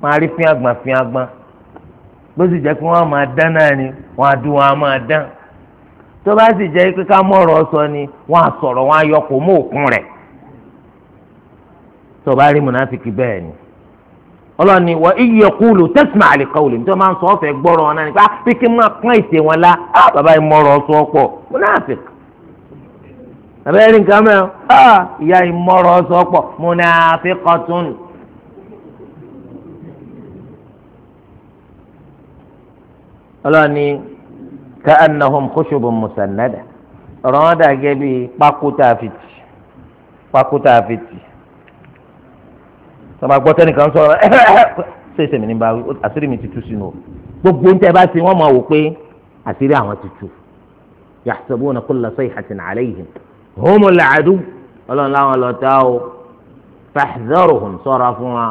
S1: máa rí fíàgbọ̀n fíàgbọ̀n bó sì jẹ́ pé wọ́n máa dán náà ni wọ́n á dún wọn á máa dán tó bá sì jẹ́ pé ká mọ̀rọ̀ sọ ni wọ́n á sọ̀rọ̀ wọn á yọ kò mú òkun rẹ̀ tó bá rí munafiki bẹ́ẹ̀ ni ọlọ́ni wọ iye kúlù tẹ́sìmọ̀ àlìkọ́wùlì nítorí máa ń sọ ọ́fẹ́ gbọ́rọ̀ wọn náà nípa pé kí n máa pọ́n maa wọn la á bàbá yìí mọ̀rọ̀ ọ̀sọ́ pọ̀ munafiki abẹ́rẹ́ rí nǹkan mẹ́rin á ìyá yìí mọ̀rọ̀ sọ pọ̀ munafikọ́tún. ọlọ́ni ká anahum khushubun musannada ọ̀rọ̀ wọn dà gẹ́gẹ́ bíi pákútà àfìtì pákútà àfìtì. tọ́ba gbọ́ tẹ́nìkan sọ̀rọ̀ ṣèṣe mi ní bá àṣírí mi ti tú sínú gbogbo ń tẹ́ bá ti wọ́n máa wò pé àṣírí àwọn ti tú yahsabuna kulla sayhatin alayhim humul adu ọlọ́run láwọn lọ tá o fahdharuhum sọ̀rọ̀ fún wa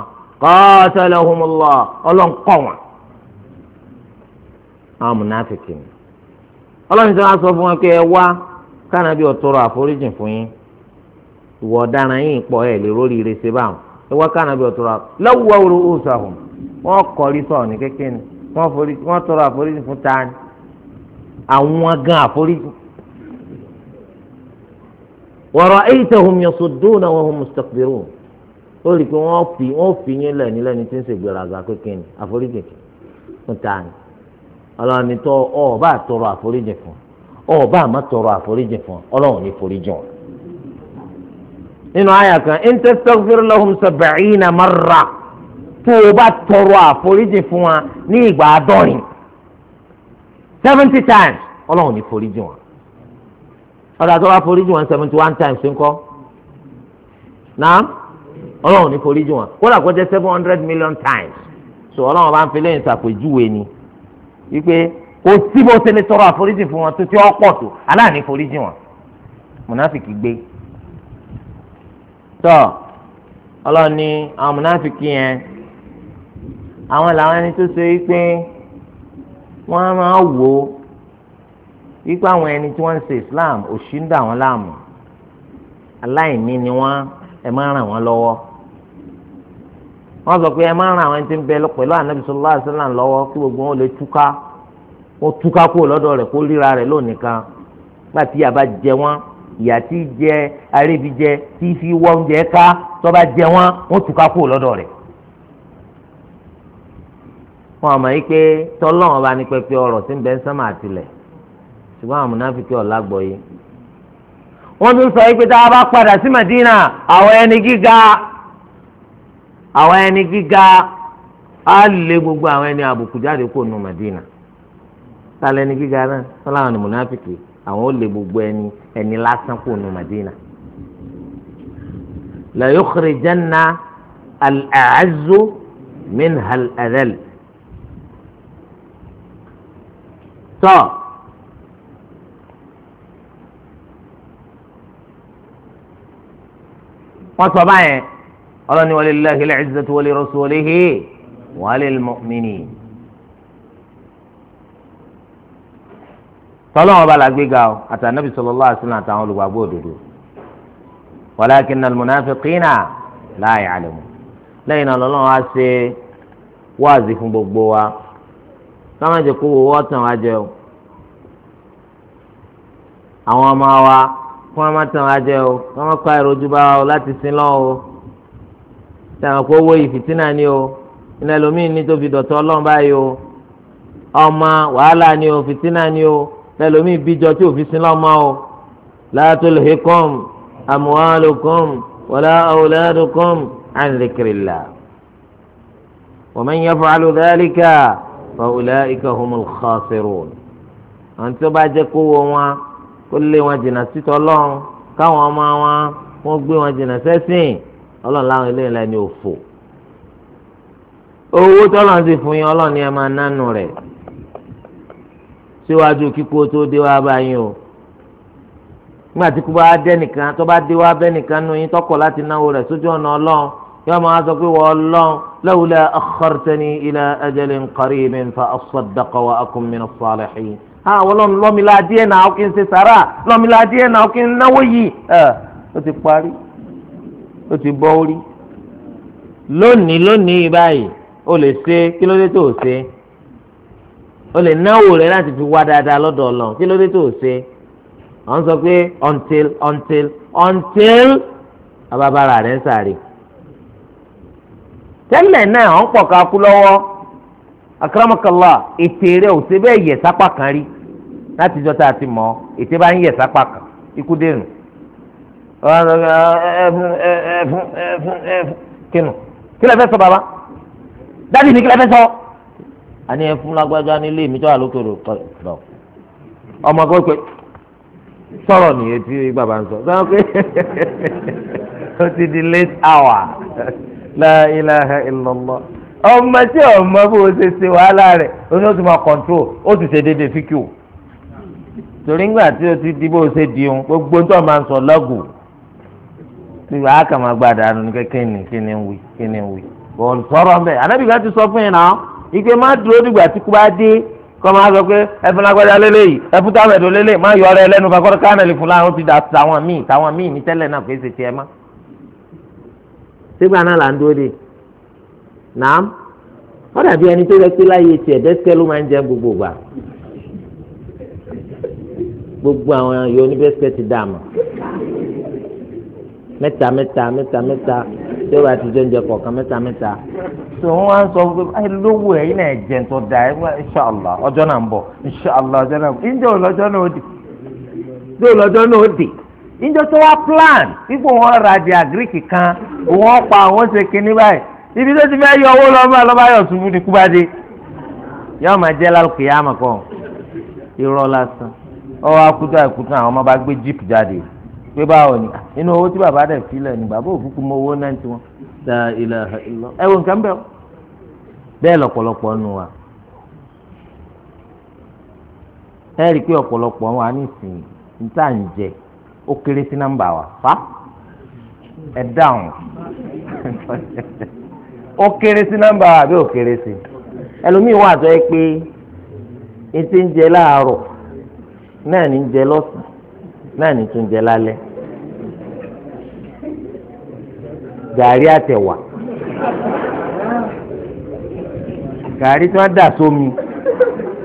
S1: qatalahumullah ọlọ́run kọ̀ wọ́n àwọn mùnàfíkì ni ọlọ́run tí wọ́n sọ fún wọn pé ẹ wá kánàbí ó tọrọ fún yín ìwọ ọ̀daràn yìí pọ̀ ẹ̀ lè rórí ire ṣe báwọn ìwọ kànáà bí ọtọrọ lọ́wọ́ oró òsàhùn wọ́n kọrí sọọni kékeré wọ́n forí wọ́n tọrọ àforíjì fún tani àwọn gan àforíjì wọrọ eyitahum yasuduna wa hum mustakbirun ó rí i pé wọ́n fi wọ́n fi yín lẹni lẹni tí ń ṣègbéraga kékeré àforíjì fún tani ọlọ́run ní tọ ọ bá tọrọ àforíjì fún ọ bá má tọrọ àforíjì fún ọlọ́run ní foríjì wọn. nínú àyà kan in tastaghfir lahum sab'ina marra tó o bá tọrọ àforíjì fún wa ní ìgbà àádọ́rin seventy times ọlọ́run ní foríjì wọn ọ̀dà tó bá foríjì wọn seventy one times ńkọ́ náà ọlọ́run ní foríjì wọn kódà kó jẹ́ seven hundred million times so ọlọ́run bá ń fi lẹ́yìn ṣàpèjúwe ni wípé kò sí bó ṣe lè tọrọ àforíjì fún wọn tó ti ọ̀pọ̀ tó aláàní foríjì wọn mùnáfìkì gbé tọ́ ọlọ́ni àwọn mùnáfíkì yẹn àwọn làwọn ẹni tó ṣe wípé wọ́n máa wò ó wípé àwọn ẹni tí wọ́n ń ṣe Islam òṣì ń dà wọ́n láàmú aláìní ni wọ́n ẹ máa ràn wọ́n lọ́wọ́ wọ́n sọ pé ẹ máa ràn àwọn ẹni tí ń bẹ pẹ̀lú Ànábì sallallahu alaihi wasallam lọ́wọ́ kí gbogbo wọn lè túká ó túká kúrò lọ́dọ̀ rẹ̀ kó ríra rẹ̀ lónìí kan gbàtí yàrá jẹ wọ́n. ìyà tí jẹ arébi jẹ tí fi wọ oúnjẹ ká tọ́ba jẹ wọn wọ́n túká kúrò wọn àmọ́ yìí pé tọ́lọ́wọ́n bá ní pẹpẹ ọ̀rọ̀ tí ń bẹ ń sánmà a bá padà sí gbogbo àwọn ẹni àbùkù jáde kó nu Madina. tá a lẹni gíga náà tọ́lá àwọn àwọn gbogbo ẹni ẹni lásán kò nù Madina la yukhrijanna al-a'azzu minha al-adhall tọ́ wọ́n sọ báyẹn ọlọ́ni walillahi al-izzatu wa li rasulihi wa lil mu'minin. tọ́lọ́wọ́n bá la gbéga o àtànàbì sallallahu alaihi wasallam àtàwọn olùgbàgbọ́ òdodo walakinna al-munafiqina la ya'lamun lẹ́yìn náà lọ́lọ́wọ́n á ṣe wáàzì fún gbogbo wa táwọn jẹ kó wọ́ọ́ tàn wá jẹ o àwọn ọmọ wa kí wọ́n má tàn wá jẹ o kí wọ́n kọ́ àìrojú bá wa o láti sin lọ́wọ́ o táwọn kó wọ́ ìfìtínà ni o ilẹ̀ ní tóbi dọ̀tọ́ ọlọ́run báyìí o ọmọ wàhálà ni o fìtínà ni o lẹ́lọ́mí bíjọ tí òfin sin lọ́mọ o la tulhikum amwalukum wala awladukum an dhikrillah wa man yaf'alu dhalika fa ulaika humul khasirun. àwọn tí ó bá jẹ́ kó wọ wọn kó lé wọn jìnnà sítọ́ lọ́n káwọn ọmọ wọn wọ́n gbé wọn jìnnà sẹ́sìn ọlọ́run láwọn ilé ńlá ni òfò owó tọ́lọ́ ti fún yín ọlọ́run ni ẹ máa nánú rẹ̀ síwájú kíkú tó dé wá báyìí o nígbà tí kú bá dẹ́nìkan tó bá dé wá bẹ́nìkan nù yín tọkọ̀ láti náwó rẹ̀ sójú ọ̀nà ọlọ́run yóò máa sọ pé wọ́n ọlọ́run lawla akhartani ila ajalin qaribin fa asaddaqa wa akun min as-salihin. àwọn ọlọ́run lọ́mìlá díẹ̀ náà kí n ṣe sàrà lọ́mìlá díẹ̀ náà kí n náwó yìí ẹ̀ ó ti parí ó ti bọ́ orí lónìí lónìí báyìí ó lè ṣe kí ló dé tó ṣe o lè náwó rẹ láti fi wá dáadáa lọ́dọ̀ Ọlọ́run kí ló dé tó o ṣe à sọ pé until until until ababara rẹ ń sàrè tẹ́lẹ̀ náà ọ̀ ń pọ̀ ká kú lọ́wọ́ akaramakala ètè rẹ ò ṣe bẹ́ẹ̀ yẹ sápá kan rí láti jọ tá a ti mọ̀ ètè bá ń yẹ sápá kan ikú dènù ẹfun ẹfun ẹfun ẹfun kínú fẹ́ sọ bàbá dádì ní kí lè fẹ́ sọ àní ẹ fún lágbájá nílé mi tó wà lókè rò lọ ọmọ kan pé sọ̀rọ̀ nìyẹn tí bàbá ń sọ sọ pé *laughs* ó ti di late hour la ilaha illallah ọmọ tí ọmọ bó o ṣe ṣe wàhálà rẹ̀ ó ní o ti máa control ó ti ṣe déédéé fíkìú torí ńgbà tí o ti di bó o ṣe di ohun gbogbo tó máa ń sọ lọ́gùn tí wàá kà máa gbàdánù ní kékeré ní kíni ń wí kíni ń wí bọ́ọ̀lù sọ̀rọ̀ ń bẹ̀ ti sọ fún yín náà ìgbé má dúró dìgbà tí kú bá dé kọ́ máa sọ pé ẹfun lágbájá lélẹ́yìí ẹfun táwọn ẹ̀dọ́ lélẹ́yìí má yọ ọ̀rẹ́ lẹ́nu fakọ́rọ́ kánẹ̀lì fún láwọn ti dà táwọn míì táwọn míì ní tẹ́lẹ̀ náà fèsì tiẹ̀ má. sígbà náà là ń dúró de nàám wọ́n dàbí ẹni tó yẹ pé láyé tiẹ̀ bẹ́sẹ̀ ló máa ń jẹ gbogbo gbà gbogbo àwọn yòó ní bẹ́sẹ̀ ti dà mọ́ meta meta meta meta tí wàá ti jẹun jẹ kọ̀ọ̀kan mẹ́ta mẹ́ta. tó wọn wá sọ fún mi lówó ẹ yín náà jẹ tó da ẹ wá inṣàlá ọjọ́ náà ń bọ̀ inṣàlá ọjọ́ náà ìjọ lọ́jọ́ náà ó lọ́jọ́ náà ó dì ìjọ tó wá plan ipò wọn ra di àgíríkì kan wọn pa ṣe kinní báyìí ibi tó ti fẹ́ yọ owó lọ́mọ lọ́mọ ayọ̀ ṣubú ni kúbadé yóò máa jẹ́ irọ́ lásán àwọn ọmọ bá gbé jíìpù jáde pé báwo ni nínú owó tí bàbá rẹ̀ sílẹ̀ ni bàbá òkúkú mọ owó náà tiwọn da ilẹ̀ ẹ wo nǹkan bẹ́ẹ̀ bẹ́ẹ̀ lọ́pọ̀lọpọ̀ nù wa ẹ rí i pé ọ̀pọ̀lọpọ̀ wa nísìnyí níta ń jẹ ó kéré sí nọ́mbà wa fa ẹ dáhùn ó kéré sí nọ́mbà wa àbí ó kéré sí ẹlòmíín wà tó yẹ pé etí ń jẹ láàárọ̀ náà ní ń jẹ lọ́sàn-án náà ní tún jẹ lálẹ́ gàrí àtẹ̀wà gàrí tí wọ́n dà sómi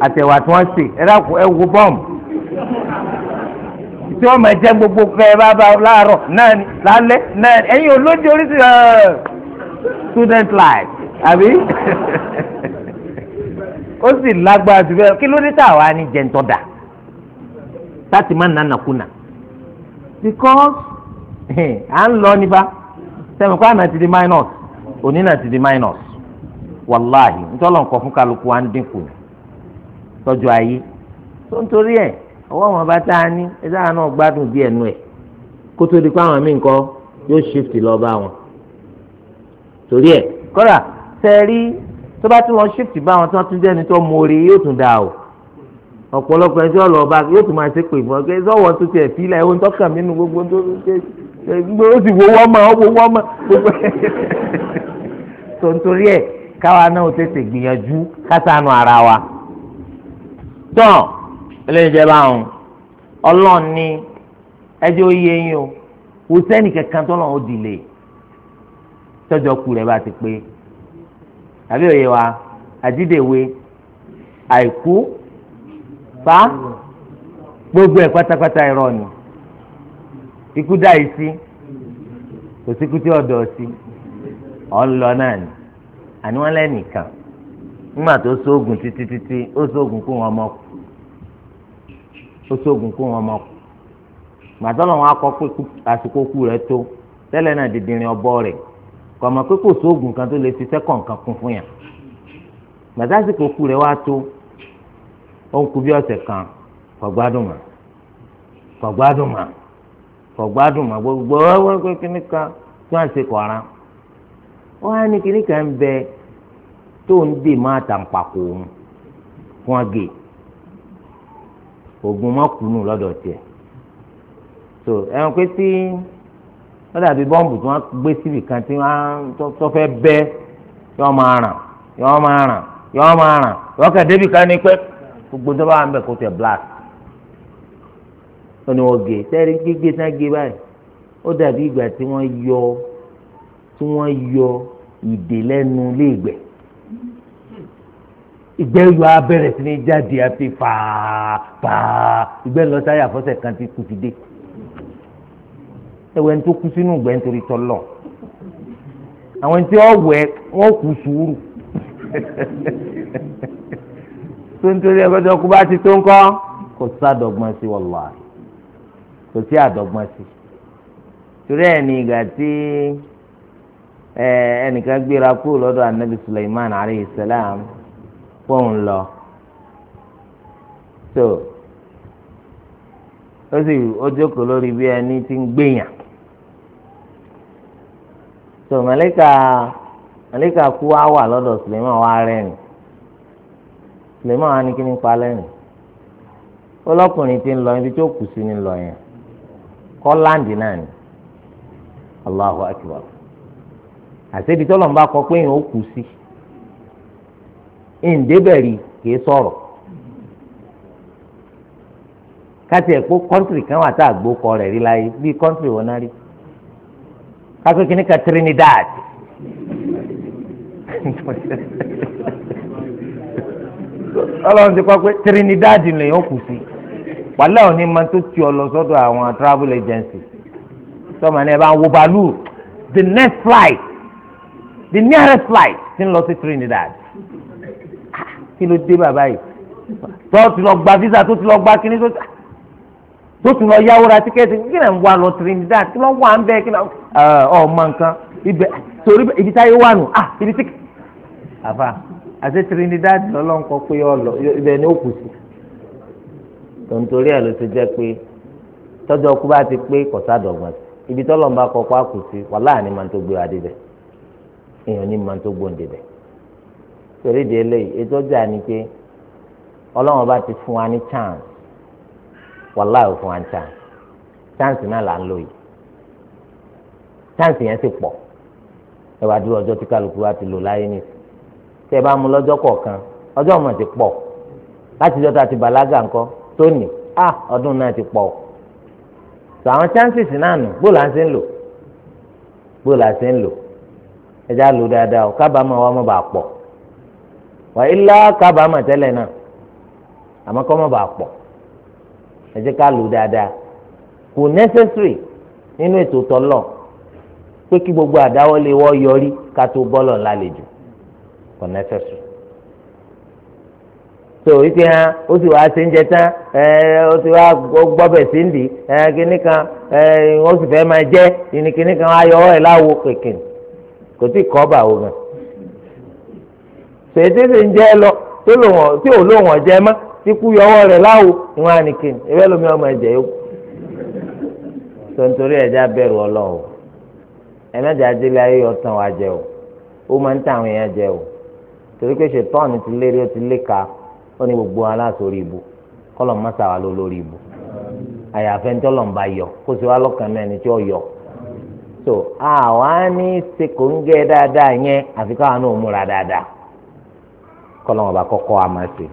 S1: àtẹ̀wà tí wọ́n sè ẹ dákun ẹ wo bọ́ọ̀mù tí wọ́n máa jẹ gbogbo fẹ́ bá bá láàárọ̀ náà ní lálẹ́ náà ẹ̀yin olójú orí ti student life àbí *laughs* ó sì lágbára jù bẹ́ẹ̀ kí ló dé tá a wá ní jẹ́ ń tọ́ da láti má nà nàkúnà. because *laughs* à ń lọ nípa sẹ́mi kó àná ti minus òní náà ti minus wàláhì ntọ́lọ̀ nǹkan fún kálukú wa ń dínkù tọ́jú ayé tó ń torí ẹ̀ ọwọ́ àwọn bá tá a ní ẹ̀dá náà gbádùn bí ẹnu ẹ̀ kó tó di pé àwọn míì nǹkan yóò shift lọ bá wọn torí ẹ̀ kọ́ra tó bá tún lọ shift bá wọn tó tún jẹ́ ẹni tó mórí yóò tún o. ọ̀pọ̀lọpọ̀ ẹjọ́ lọ bá yóò tún máa ṣe pè mọ́ ẹ sọ́wọ́ tó tiẹ̀ fi ilẹ̀ ohun tọ́kàn mí nu gbogbo tó ṣe gbé ó sì wọ́wọ́ mọ́ ó wọ́wọ́ mọ́ gbogbo tó *laughs* nítorí ẹ̀ káwa náà ó tètè gbìyànjú kásánù ara wa. tán eléyìí jẹ́ báwọn ọlọ́run ní ẹjọ́ yẹ yín o kò sẹ́ni kankan tó náà ó dìlé tọ́jọ́ ku rẹ̀ bá ti pé àbí òye wa àdídèwe àìkú. fa gbogbo ẹ̀ pátápátá irọ́ ni ikú dá yìí sí kò síkú tí ọ̀dọ̀ sí ọ̀ náà ni àní wọ́n lẹ́nìkan nígbà tó sóògùn títí títí ó sóògùn kó wọn mọ ọbọ rẹ kọ̀mọ̀ pé kò sóògùn kan tó lè fi sẹ́kọ̀ǹkan kún fún yàn kú ó ń kú bí ọ̀sẹ̀ kan kò gbádùn mọ́ kò gbádùn gbogbo ọwọ́ kíní kan tí wọ́n ṣe ní kíní kan tó ń dè máa òun fún agè oògùn so ẹran pé tí wọ́n dàbí bọ́ǹbù tí wọ́n gbé kan tí wọ́n tó fẹ́ bẹ́ máa ràn máa ràn gbogbo tó bá wà ń bẹ̀ kó tẹ̀ black ó ní wọ́n gé sẹ́rí gbígbé tán gé báyìí ó dàbí ìgbà tí wọ́n yọ tí wọ́n yọ ìdè lẹ́nu léègbẹ́ ìgbẹ́ yọ abẹ́rẹ́ sí ní jáde àti fàá fàá ìgbẹ́ lọ sáyà fọ́sẹ̀ kan ti kú ti dé ẹ̀wẹ̀ ń tó kú sínú ìgbẹ́ nítorí tọ́lọ̀ àwọn tí wọ́n wẹ̀ wọ́n kú sùúrù *laughs* tó ń torí ẹgbẹ́jọ́ kú bá ti tó ń kọ́ kò sí àdọ́gbọ́n sí wàláhì kò sí àdọ́gbọ́n sí. torí ẹ̀ ní ìgbà tí ẹnìkan gbéra kú lọ́dọ̀ anabi Sulaiman alayhi salam fóun lọ. so ó sì ó lórí bí ẹni tí ń gbèyàn. so màlíkà màlíkà kú wá wà lọ́dọ̀ Sulaiman wá rẹ́rìn. Le wa ni kí ni pa lẹ́rìn ọlọ́kùnrin ti ń lọ ibi tó kù sí ni lọ yẹn kọ́láǹdì náà ni Allahu akbar àti ibi tọ́lọ̀ ń bá kọ pé èèyàn ó kù sí ìǹdẹ́bẹ̀rì kì í sọ̀rọ̀ káti ẹ̀ pé kọ́ńtìrì kan wà tá a gbó kọ rẹ̀ rí láyé bíi kọ́ńtìrì wọn náà rí Trinidad. ọlọ́run ti kọ́ pé Trinidad lèyàn kù sí wàhálà òní máa tó ti ọ lọ sọ́dọ̀ àwọn travel agency sọ́mọ ní ẹ bá ń wo bàálù the next flight the nearest flight ti ń lọ sí Trinidad ah, kí ló dé bàbá yìí tó ti lọ gba visa tó ti lọ gba kíní tó ah, tó ti lọ yáwó ra tíkẹ́ẹ̀tì kí lè ń wá lọ Trinidad kí ló wà ń bẹ kí ló ah, ọ mọ nǹkan ibẹ̀ ibi táyé wà nù ah ibi tí àfa àti Trinidad lọ́lọ́run kọ́ pé ọlọ ibẹ̀ ni ó kù sí tontori ẹ̀ ló ti jẹ́ pé tọ́jú ọkú bá ti pé kọ̀sádọ̀gbọ̀n ibi tọ́lọ̀ ń bá kọ́ pa kù sí wàhálà ni màá tó gbé wa débẹ̀ èèyàn ní màá tó gbóǹde bẹ̀ torí di eléyìí ètò ọjà ni pé ọlọ́run bá ti fún wa ní chance wàhálà ò fún wa ní chance chance náà là ń lò yìí chance yẹn ti pọ̀ ẹ wá dúró ọjọ́ tí kálukú wa ti lò láyé nìyí tẹ́ ẹ bá mu ọmọ ti pọ láti jọ́ta ti balaga tóní a ọdún náà ti pọ sọ àwọn chances náà nù bó la ṣe ń lò bó la ṣe ń lò ẹja lò dáadáa o kábàámọ̀ wa mọ̀ bá pọ̀ wà ilá kábàámọ̀ tẹ́lẹ̀ náà àmọ́ kọ́ bá gbogbo yọrí ká tó ńlá kò nẹ́sẹ̀sì. tó wípé hàn ó sì wá sí oúnjẹ tán ó sì wá gbọ́bẹ̀ sí ndì kíní kan ó sì fẹ́ máa jẹ́ ìní kíní kan á yọ ẹ̀ láwo kèké kò tí kọ́ bà wò gan. tètè sì ń jẹ́ lọ tí ò mọ́ tí kú yọ ọwọ́ rẹ̀ láwo ọmọ ẹ̀jẹ̀ wa o ó máa ń tàn èèyàn o torí pé ṣètọ́ọ̀nù ti lérí ó ti léka ó ní gbogbo aláṣọrí ibu kọ́lọ̀ mọ́sàwá ló lórí ibu àyàfẹ́ ní tọ́lọ̀ ń bá yọ kó sì wá lọ́kàn náà tí ó yọ so àwa ní ṣe kò ń gẹ́ dáadáa yẹn àfi káwọn náà múra dáadáa kọ́lọ̀ wọn bá kọ́kọ́ àmọ́ ṣe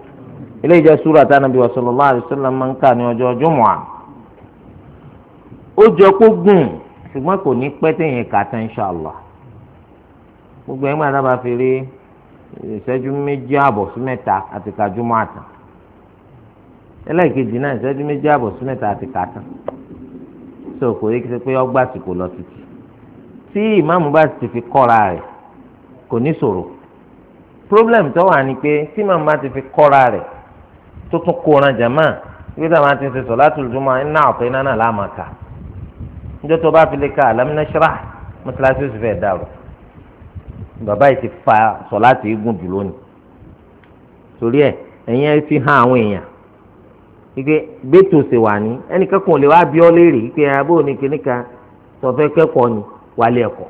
S1: ilé ìjẹ́ súrà tánàbí wa sallallahu alaihi wasallam máa ń kà ní ọjọ́ jùmọ̀ à ó jọ kó gùn ṣùgbọ́n kò ní pẹ́ tẹ̀yìn kàtà insha Allah gbogbo ẹ̀ ń gbà dábàá fi rí ìṣẹ́jú méjì àbọ̀ sí mẹ́ta àti kàjúmọ́ àtàn ẹlẹ́ẹ̀kejì náà ìṣẹ́jú méjì àbọ̀ sí mẹ́ta àti kàtàn so kò yẹ kí ṣe pé ọgbà àsìkò lọ títí tí ìmáàmù bá ti fi kọ́ra rẹ̀ kò ní ṣòro problem tó wà ní pé tí ìmáàmù bá ti fi kọ́ra rẹ̀ tó tún kóran jàmáà ibi táwọn àti ṣe sọ̀látùl jùmọ̀ iná ọ̀tọ̀ iná náà láàmà kà níjọ́ tó bá fi lè ka alámínà mọ́tíláṣí ó sì fẹ́ dàrú bàbá yìí ti fa sọláàtì igun jù lónìí torí ẹ ẹ̀yin ẹ fi hàn àwọn èèyàn ike gbẹtò ṣe wà ní ẹnìkan kò lè wá bí ọ léèrè ike abó ah, ni kìnìkà tọfẹ kẹ́kọ̀ọ́ ni wálé ẹ̀kọ́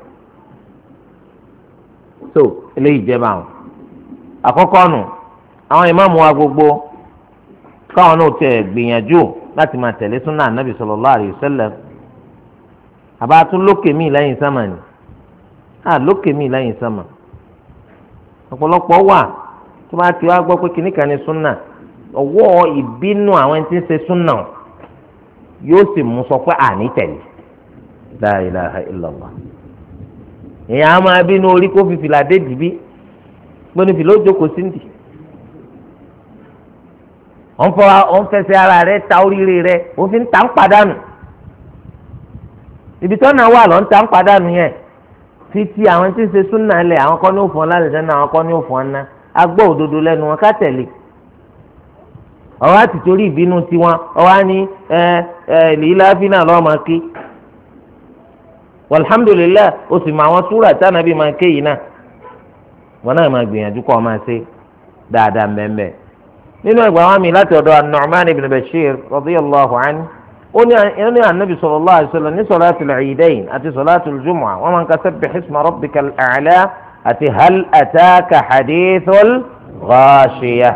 S1: so eléyìí jẹba àwọn àkọ́kọ́ nù àwọn ìmáàmù wa gbogbo káwọn náà tẹ gbìyànjú láti máa tẹ̀lé súnà ànábì sallallahu alaihi wasallam àbá tún lókè míì lẹ́yìn sámà àlókè mi lẹ́yìn sánmà ọ̀pọ̀lọpọ̀ wà tó bá ti wá gbọ́ pé kìnnì kan ní súnà ọwọ́ ìbínú àwọn ẹni tí ń ṣe súnà yóò sì mú sọ pé àní tẹ̀lé la ìyá a máa bínú orí kó fìfì là dé dìbí gbónúfì jókòó fẹsẹ̀ ara ta oríire òfin ta ń ibi títí àwọn tí ń ṣe súnà lẹ̀ àwọn kọ́ ní òfò ńlá lẹ́sẹ̀ náà àwọn kọ́ ní òfò ńlá agbọ́ òdodo lẹ́nu wọn ká tẹ̀lé ọwọ́ àti torí ìbínú tiwọn ọwọ́ á ní ẹ ẹ ìlíláfín náà lọ́ọ́ máa ké walhamdulilayi o mọ àwọn súrà tí ànábì máa ké yìí náà wọn náà máa gbìyànjú kọ́ máa ṣe dáadáa mbẹ́mbẹ́ nínú ẹgbàá wa mi láti ọ̀dọ̀ an ibn Bashir radiyallahu anhu ó ní ànábì sallallahu alaihi wasallam ní salatul Eidain àti salatul Jumu'ah wọ́n máa ń ka sabbih isma rabbikal a'la àti hal ataka hadithul ghashiyah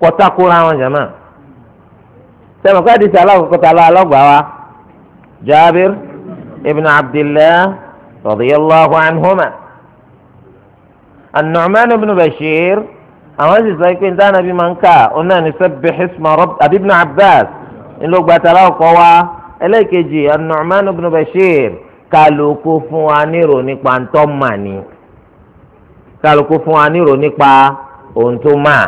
S1: kọ́tàkùrọ̀ àwọn jama sẹ́mi kọ́ àdìsí alákọ̀ọ́kọ́ta aláàlọ́gbà wa Jabir ibn Abdillah radiyallahu anhuma an-Nu'man ibn Bashir. àwọn sì sọ pé nítorí ànábì máa ń kà òun náà ní sabbih isma rabb àbí ibn abbas ńlọ gbàtàlá ọkọ wa ẹlẹ́ẹ̀kejì an-nu'man ibn bashir kálukú fún wa nírò nípa ntọ́mà ni kálukú fún wa nírò nípa ohun tó máa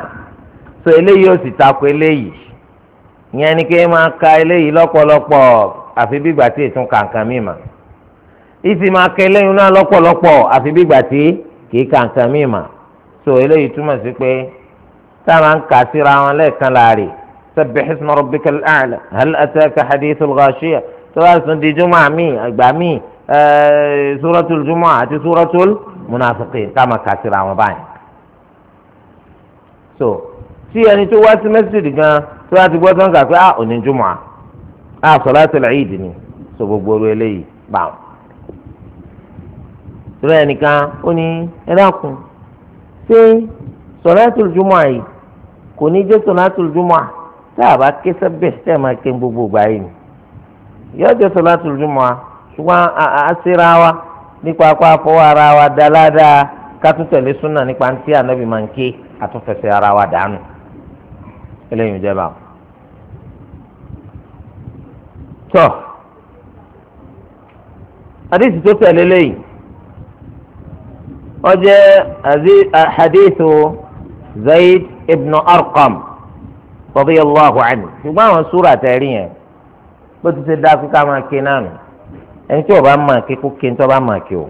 S1: so eléyìí ó sì takò eléyìí ìyẹn ni kí máa ka eléyìí lọ́pọ̀lọpọ̀ àfi bí ìgbà ètò kàǹkà mi mà ìsì máa ka eléyìí náà lọ́pọ̀lọpọ̀ àfi bí ìgbà kì í kàǹkà mi mà so eléyìí túmọ̀ sí pé tá a máa ń kà síra wọn lẹ́ẹ̀kan láàrè sabbih isma rabbikal a'la hal ataka hadithul ghashiya tó bá sùn di jùmọ̀ àmì àgbà míì suratul jumu'a àti suratul munafiqin tá a máa kà síra wọn báyìí. so tí ẹni tó wá sí mẹ́sídìí gan tó bá ti gbọ́ tó kà pé a ah, ò ní jùmọ̀ a ah, salatul eid ni so gbogbo oru eléyìí báwọn ṣé sọ̀látùl júmọ̀ yìí kò ní jẹ́ sọ̀látùl júmọ̀ tá a bá ké sẹ́bẹ̀ tẹ́ ẹ̀ máa ké gbogbo ìgbà yìí yóò jẹ́ sọ̀látùl júmọ̀ ṣùgbọ́n àṣírà wa nípa akọ afọwọ́ ara wa dá ládàá kátó tẹ̀lé súnà nípa ntí ànábì máa ń ké àtúnfẹsẹ̀ ara wa dànù eléyìí jẹ́ báwọn. tọ́ àdìsí tó tẹ̀lé lẹ́yìn. وجاء حديث زيد ابن أرقم رضي الله عنه ṣùgbọ́n àwọn súrà tẹ̀rí yẹn bó ti ṣe dá kíkà máa ké ẹni tí o bá máa ké kó ké ní tí o bá máa ké o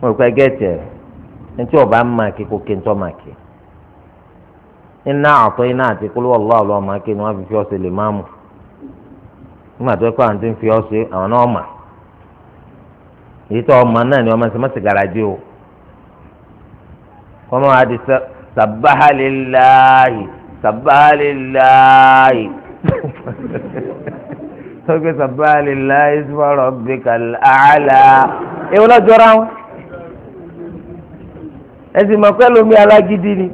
S1: mo rò pé gẹ́tì ẹni tí o bá máa ké kó ké o èyí tó ọmọ náà ni ọmọ sì mọ́sí garaje o kọ́mọ àti sabahalilahi sabahalilahi sọ́kè sabahalilahi sọ́rọ̀ bíkàlá àlá ewu lọ́jọ́ra wọn ẹsìn mọ̀ pé lómi alágídí ni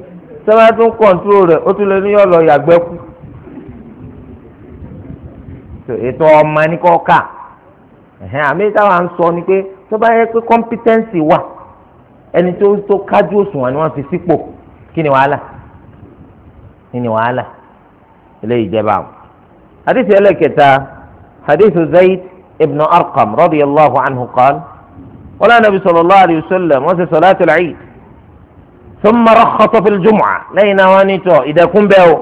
S1: sọ́wọ́n tún kọ̀ǹtúrò rẹ̀ ó tún lè ní ọ̀lọ́ yàgbẹ́ kú. ètò ọmọ ní kọ́ ká àmì táwa ń sọ ni pé tó bá yẹ pé kọ́mpítẹ́ǹsì wà ẹni tó tó kájú òṣùwọ̀n ni wọ́n fi sípò kí ni wàhálà kí ni wàhálà eléyìí jẹ́ báwọn. hadith ẹlẹ́kẹta hadith zayd ibn arqam radiyallahu anhu qala wala nabi sallallahu alayhi wa sallam wọ́n ṣe salatul eid thumma rakhkhasa fil jumu'ah lẹ́yìn náà wọ́n ní tọ́ ìdẹ̀kùn bẹ́ẹ̀ o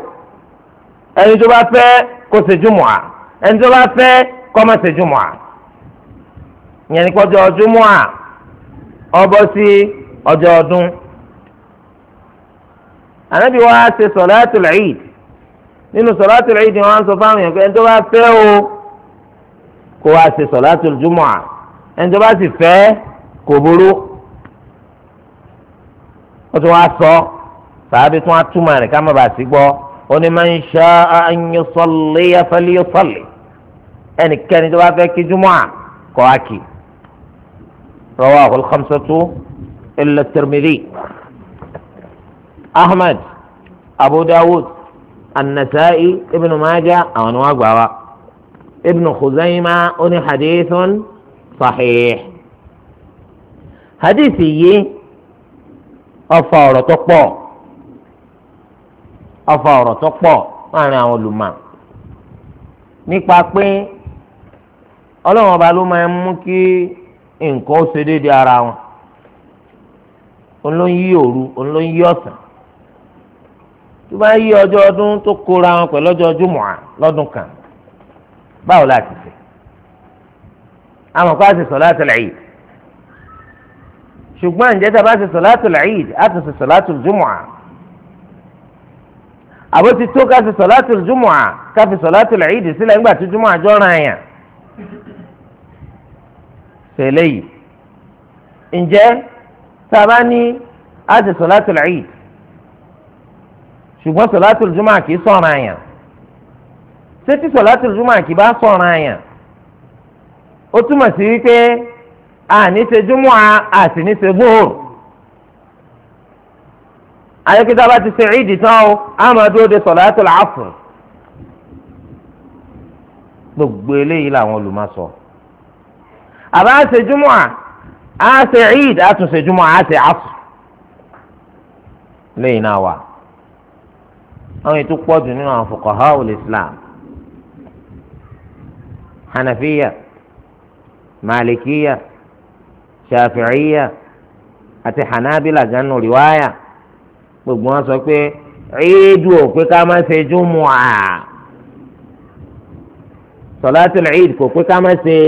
S1: ẹni tó bá fẹ́ kó ṣe jumu'ah ẹni tó bá fẹ́ kó má ṣe jumu'ah ìyẹn ní kọjọ júmọ́à ọbọ̀ sí ọjọ́ ọdún. ànábì wa ṣe sọ̀láàtùl Eid nínú sọ̀láàtùl Eid ni wọ́n á sọ fáwọn èèyàn pé ẹni tó bá fẹ́ o kó wa ṣe sọ̀láàtùl júmọ́à ẹni tó bá sì fẹ́ kò burú. wọ́n tún wá sọ sàábì tún á rẹ̀ ká má bàa sí gbọ́ ó ní man sha'a an yusalli falyusalli ẹnikẹ́ni tó bá fẹ́ kí júmọ́à kọ́ á kì í. رواه الخمسة إلا الترمذي أحمد أبو داود النسائي ابن ماجة أو نواقبا ابن خزيمة أن حديث صحيح حديثي أفار تقبع afa ọ̀rọ̀ tó pọ̀ láàrin àwọn olùmọ̀ ọlọ́run ọba ló máa ń mú kí nǹkan ó ṣe ara wọn olóyún òru olóyún ọ̀sán tó bá yí ọjọ́ ọdún tó kóra wọn pẹ̀lú ọjọ́ jùmọ̀à lọ́dún kan báwo la ti ṣe àmọ́ kó a Eid ṣùgbọ́n ǹjẹ́ tá a bá ti Eid a ti ṣe solatul tó ká ti solatul ká fi Eid sílẹ̀ ńgbà tí jùmọ̀à jọ́ra tẹ̀lé yìí ǹjẹ́ tá a bá ní a ti solatul Eid ṣùgbọ́n solatul Jumu'ah kì í sọ̀rọ̀ àyàn ṣé tí solatul Jumu'ah kì bá sọ̀rọ̀ àyàn ó túmọ̀ sí wípé àní ṣe Jumu'ah àti ní ṣe Zuhur ayọ́kẹ́tà bá ti ṣe ìdì tán o amadu ode solatul Asr gbogbo eléyìí làwọn olùmọ̀ sọ àbá ṣe júmọ̀ à ṣe eid a tún ṣe júmọ̀ à ṣe àfù lẹ́yìn náà wà àwọn ètò pọ̀jù nínú àwọn fuqaha ul islam hanafiya malikiya shafi'iya àti hanabila ganu riwaya gbogbo wọn sọ pé ciidu ò pé ká má ṣe jumu'a salatul ciid kò pé ká má ṣe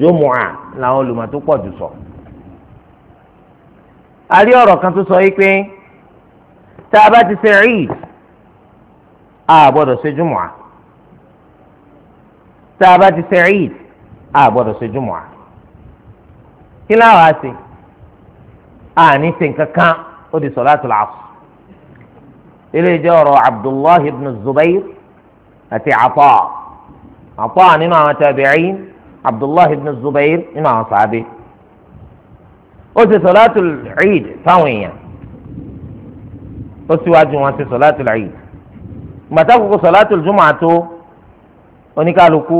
S1: jumu'a làwọn olùmọ̀ tó pọ̀ jù sọ. a rí ọ̀rọ̀ kan tó sọ yìí pé tá a bá ti ṣe Eid a gbọ́dọ̀ ṣe jùmọ̀ à tá a bá ti ṣe Eid a gbọ́dọ̀ ṣe jùmọ̀ à kí láwọn á ṣe a ní ṣe nǹkan kan ó di salatul asr ilé jẹ́ ọ̀rọ̀ Abdullahi ibn Zubair àti Ata Ata nínú àwọn tabi'in abdullahi ibn zubair nínú àwọn sàábé ó ṣe sọláàtù eid fáwọn èèyàn ó síwájú wọn ṣe sọláàtù eid gbàtà kókó sọláàtù jùmọ̀ àtó oníkálukú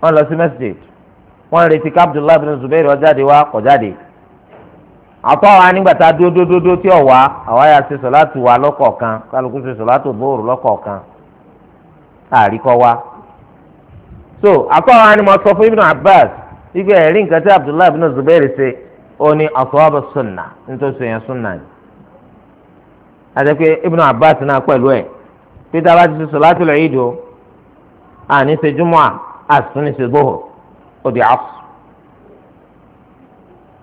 S1: wọn lọ sí masjid wọn retí ká abdullahi ibn zubair ó jáde wá kò jáde àtọ́ wa nígbà tá a dúró dúró tí ọ̀ wá àwa yà ṣe sọláàtù wa lọ́kọ̀ọ̀kan kálukú ṣe sọláàtù bóòrù lọ́kọ̀ọ̀kan wa. so akọ́wọ́n ni mo sọ fún Abbas ibi ẹ̀rí nǹkan tí Abdullahi ibn Zubair ṣe ó ní asọ́ọ́bù sunna nítorí yẹn sunna ni àti Abbas náà pẹ̀lú ẹ̀ peter bá ti ṣe salatul Eid o àní ṣe jumu'a àtúnṣe ṣe ó di asr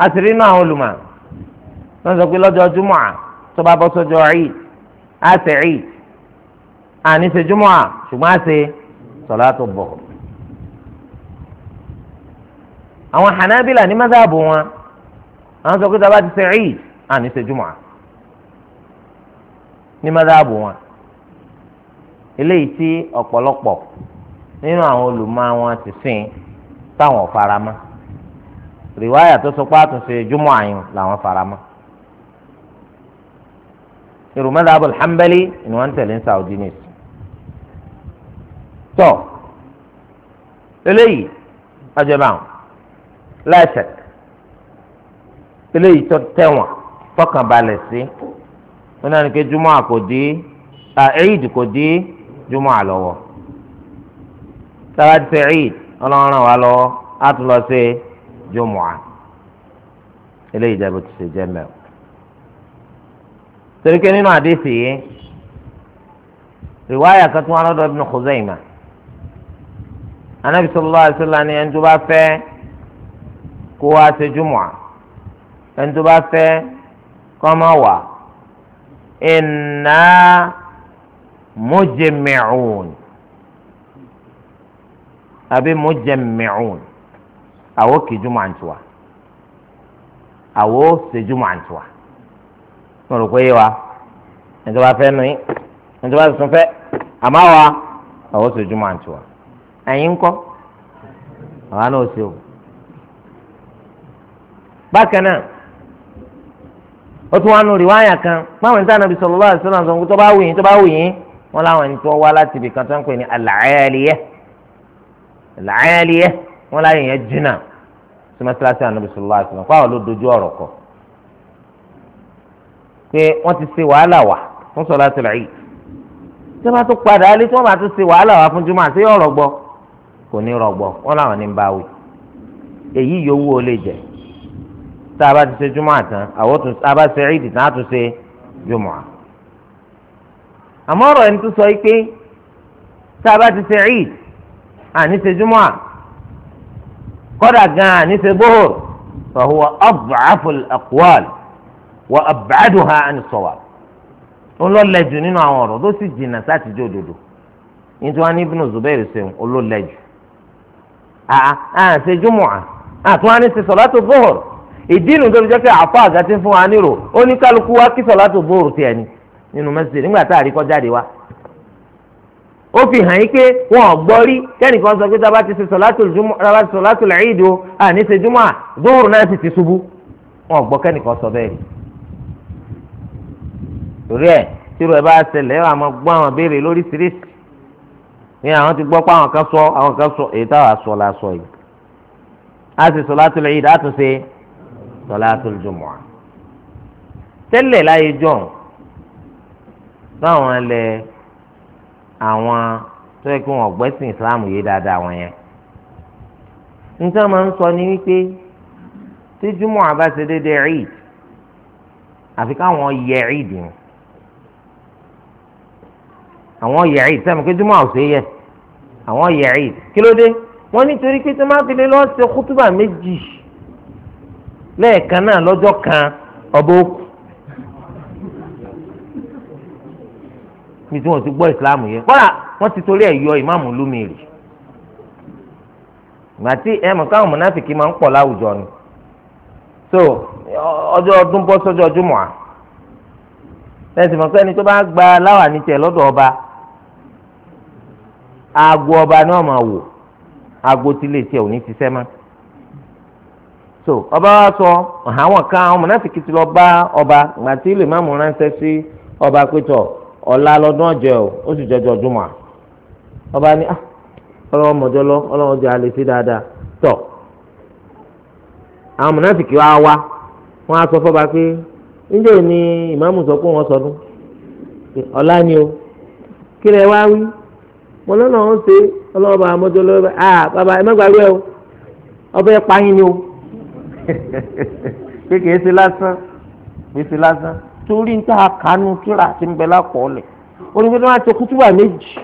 S1: àti rí inú àwọn olùmọ̀ wọ́n sọ pé lọ́jọ́ jumu'a tó bá bọ́ sọ́jọ́ Eid á àní ṣe jumu'a ṣùgbọ́n àwọn hanabila ní mazhabu wọn àwọn sọ pé tá a bá ti ṣe eid à ní ṣe jùmọ̀ ní mazhabu wọn eléyìí tí ọ̀pọ̀lọpọ̀ nínú àwọn olùmọ̀ wọn ti sìn táwọn faramọ́ rìwáyà tó sọ pé àtúnṣe jùmọ̀ àyùn làwọn faramọ́ irú mazhabu al ni wọ́n tẹ̀lé ní saudi news tọ́ eléyìí ajẹ́ báwọn láṣẹk eléyìí tó tẹ̀wọ̀n fọkànbalẹ̀ sí wọn náà ní pé júmọ́ àkòdí ẹ̀ẹ́dì kò dí júmọ́ àlọ́wọ́ sábà ti ẹ̀ẹ́dì ọlọ́run wa lọ́wọ́ á tún lọ sí júmọ́ à eléyìí jẹ́ bó ti ṣe jẹ́ mẹ́wọ́ torí pé nínú àdéhìí yìí riwaayà kan tún wọn lọ́dọ̀ Ibn Khuzaymah anabi sallallahu alaihi wasallam ni ẹni bá fẹ́. kó wá ṣe jùmọ̀à ẹni tó bá fẹ́ kọ́ wà inna mujmi'un àbí mujmi'un àwọ̀ kì jùmọ̀à ń tiwa àwọ̀ ṣe jùmọ̀à ń mo rò pé yé wa ẹni tó bá fẹ́ ẹni tó bá o. bákan náà ó tún wá nu rìwáyà kan báwọn ní sànàbí sallallahu alaihi wasallam tó bá wù yín tó bá wù yín wọn láwọn ní tó wá láti ibì kan tó ń pè ní al-Aliyah wọn láyé yẹn jìnnà sí mọ́sálásí ànàbí sallallahu alaihi wasallam fáwọn ló dojú ọ̀rọ̀ kọ pé wọ́n ti ṣe wàhálà wà fún salatul Eid tí wọ́n bá tún padà alẹ́ tí wọ́n bá tún ṣe wàhálà wà fún jùmọ̀ àti ọ̀rọ̀ gbọ́ kò ní rọ̀gbọ̀ wọn láwọn ní ń tá a bá ti ṣe júmọ̀ àtàn àwọn tún tá a bá ṣe ìdì náà tún ṣe júmọ̀ à. àmọ́ ọ̀rọ̀ ẹni tó sọ yìí pé tá a bá ti ṣe ìd àní ṣe júmọ̀ à kọ́dà gan-an àní ṣe bóhùr fahuwa ad'afu al-aqwal wa ab'aduha an as ó lọ lẹ́jù nínú àwọn ọ̀rọ̀ tó sì jìnnà sátìjọ́ òdodo nítorí wọn ní ibùnú Zubair ṣeun ó lọ lẹ́jù. àà àà ṣe júmọ̀ à àtúwọ́n á ní ṣe salatu zuhur ìdí nu tó fi jẹ́ pé àfa àga ti ń fún wa nírò ó ní kálukú wa kí sọ̀látù bóòrù tiẹ̀ ni nínú mẹ́sìlẹ̀ nígbà tá a rí kọ́ jáde wa. ó fi hàn yín pé wọn ò gbọ́ rí kẹ́nìkan sọ pé tá a bá ti ṣe sọ̀látù làídì o àní ṣe júmọ́ à bóòrù náà sì ti ṣubú wọn ò gbọ́ kẹ́nìkan sọ bẹ́ẹ̀ rí. torí ẹ̀ tírò ẹ bá ṣẹlẹ̀ ẹ máa gbọ́ àwọn béèrè lóríṣiríṣi ní àwọn sọláàtúl jùmọ̀à tẹ́lẹ̀ láyé jọ̀hún báwọn lẹ àwọn tó yẹ kí wọ́n gbẹ́sìn ìsìláàmù yé dáadáa wọn yẹn níta máa ń sọ ni wípé tí jùmọ̀à bá ṣe déédéé Eid àfi káwọn yẹ Eid ni àwọn yẹ Eid sẹ́mi pé jùmọ̀à ò ṣe yẹ àwọn yẹ Eid kí ló dé wọ́n nítorí pé tí wọ́n máa fi lé lọ́ọ́ ṣe kútúbà méjì. lẹ́ẹ̀kan náà lọ́jọ́ kan ọba òkú nítorí wọ́n ti gbọ́ ìsìláàmù yẹn kọ́lá wọ́n ti torí ẹ̀ yọ ìmáàmù lómìnirì ẹ mọ̀ káwọn mọ̀nàfìkì máa ni so ọjọ́ ọdún bọ́ sọ́jọ́ à lẹ́sìn mọ̀ pé gba láwà ní tiẹ̀ ọba aago ọba máa aago tiẹ̀ ò ní ti so ọba wa sọ ọha kan àwọn mọ̀nàfíkì ti lọ bá ọba gbàtí lè má mú ránṣẹ́ sí ọba pétọ̀ ọla lọ́dún ọjọọ o ó sì jọjọ ọdún ọba ni ah, ọlọwọ mọ̀jọ́ lọ ọjọọ jẹ́ alẹ́ sí dáadáa tọ̀ àwọn mọ̀nàfíkì wa wá á ni ìmáàmù sọ pé sọdún ni o kí lẹ wá wí ṣe bá bá ah, bàbá ẹ kékeré *laughs* ṣe lásán ṣe lásán torí níta kánú kíra ti ń bẹ lápọ̀ọ́lẹ̀ onígbé tó máa ṣe kútúbà méjì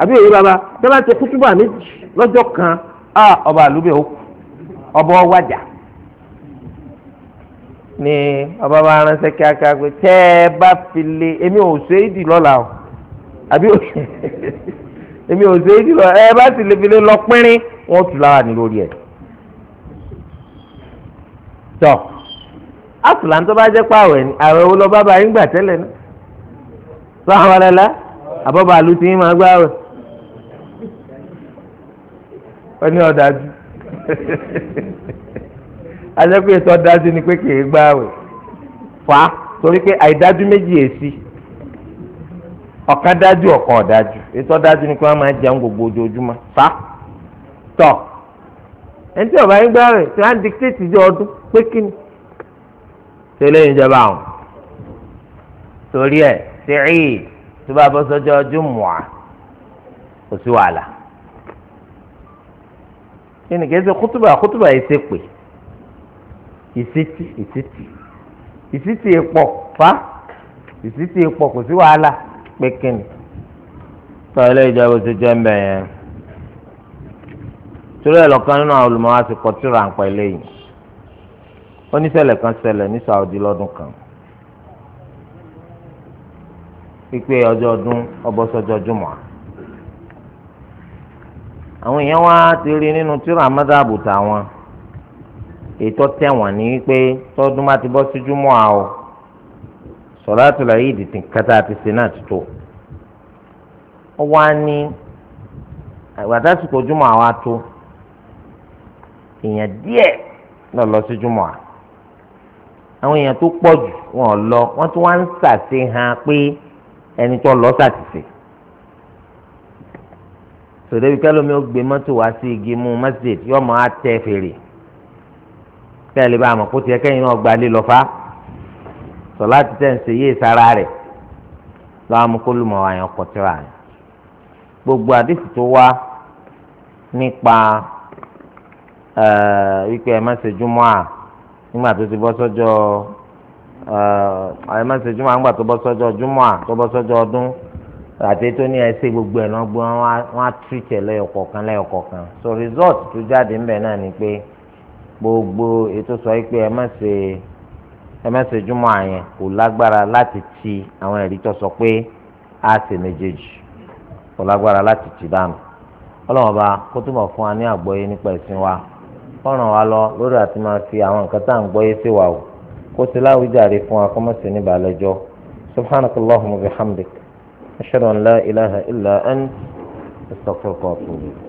S1: àbí èyí bàbá tó máa ṣe kútúbà méjì lọ́jọ́ kan ọba àlùbẹ̀ ó kù ọba ọwájà ni ọba bá ránṣẹ́ kíákíá pé tẹ́ ẹ bá fi lé èmi ò ṣe é dì lọ́la o àbí èmi ò ṣe é dì lọ́la ẹ bá sì lè fi lé lọ pínrín wọ́n tù lára ní lórí ẹ̀. tọ àfùlà tó bá jẹ́ pé àwẹ̀ ni àwẹ̀ wo lọ bá ba yín gbà tẹ́lẹ̀ náà sọ àwọn ọlẹ́lá àbọ̀bà àlù tí yín máa gbá ọ ó ní ọ̀dájú ajẹ́ ètò ọ̀dájú ni pé kìí gbá àwẹ̀ fà á torí pé àìdájú méjì èsì ọ̀kan daju ọ̀dájú ètò ọ̀dájú ni pé wọ́n máa jẹun ẹni tí ọba yín gbá rẹ̀ tí wọ́n á dictate ìjọ ọdún pé kí ni ṣe lẹ́yìn ìjọba àwọn torí ẹ̀ ṣe rí tó bá bọ́ sọ́jọ́ jùmùà kò sí wàhálà kí ni kì í kútùbà kútùbà yìí ṣe pè ìsítì ìsítì ìsítì èpọ̀ fa ìsítì èpọ̀ kò sí wàhálà pé kí ni tọ́ ìjọba tó jẹ́ mbẹ́ yẹn torí ẹ̀ lọ́kàn nínú àwọn olùmọ̀ àti kọtìrà ń pa eléyìí oníṣẹ̀lẹ̀ kan ṣẹlẹ̀ ní Saudi lọ́dún kan pípé ọjọ́ ọdún ọbọ̀sọ́jọ́ jùmọ̀ àwọn èèyàn wá ti rí nínú tírà mọ́dàbù táwọn ètò tẹ̀wọ̀n ní pé tọ́dún bá ti bọ́ sí jùmọ̀ àwọ̀ sọ̀rọ̀tù la yìí dìtì kátà àti sinat tó ó wá ní àgbàdásìkò jùmọ̀ àwa tó èèyàn díẹ̀ náà lọ sí júmọ̀ à àwọn èèyàn tó pọ̀ jù wọn lọ wọ́n tún wá ń ṣàṣehàn pé ẹni tó lọ ṣàtìsè sòdèbí kẹlómi ó gbé mọ́tò wá sí igi mú masjid yóò mọ àtẹ fèrè tẹ́lẹ̀ bá àmọ̀ kó tiẹ̀ kẹ́yìn náà gbalé lọ́fà sọlá ti tẹ̀ ń ṣe yé sára rẹ̀ lọ́wọ́ amúkólùmọ̀ àyàn kọ̀tìrà gbogbo àdìsí tó wá nípa. Eh, wípé ẹ má ṣe júmọ́ à nígbà tó ti bọ́ sọ́jọ́ eh, ẹ má ṣe júmọ́ à nígbà tó bọ́ sọ́jọ́ júmọ́ à gbogbo ẹ̀ náà gbọ́n wọ́n á lẹ́yọ̀kọ̀kan lẹ́yọ̀kọ̀kan so result tó jáde ńbẹ̀ náà ni gbogbo ètò sọ pé ẹ má ṣe ẹ má ṣe ti àwọn ẹ̀rí tó sọ pé a ṣe méjèèjì kò lágbára ti dànù ọlọ́mọba kó túbọ̀ fún wa ní àgbọ́yé nípa wa. kọ́ràn wa lọ lórí àti máa fi àwọn nǹkan tá à ń gbọ́ yé sí wa o kó sí láwùjáde fún wa kó má sí níbà lẹ́jọ́ subhanaka allahumma wa bihamdik ashhadu an la ilaha illa ant astaghfiruka wa atubu ilayk.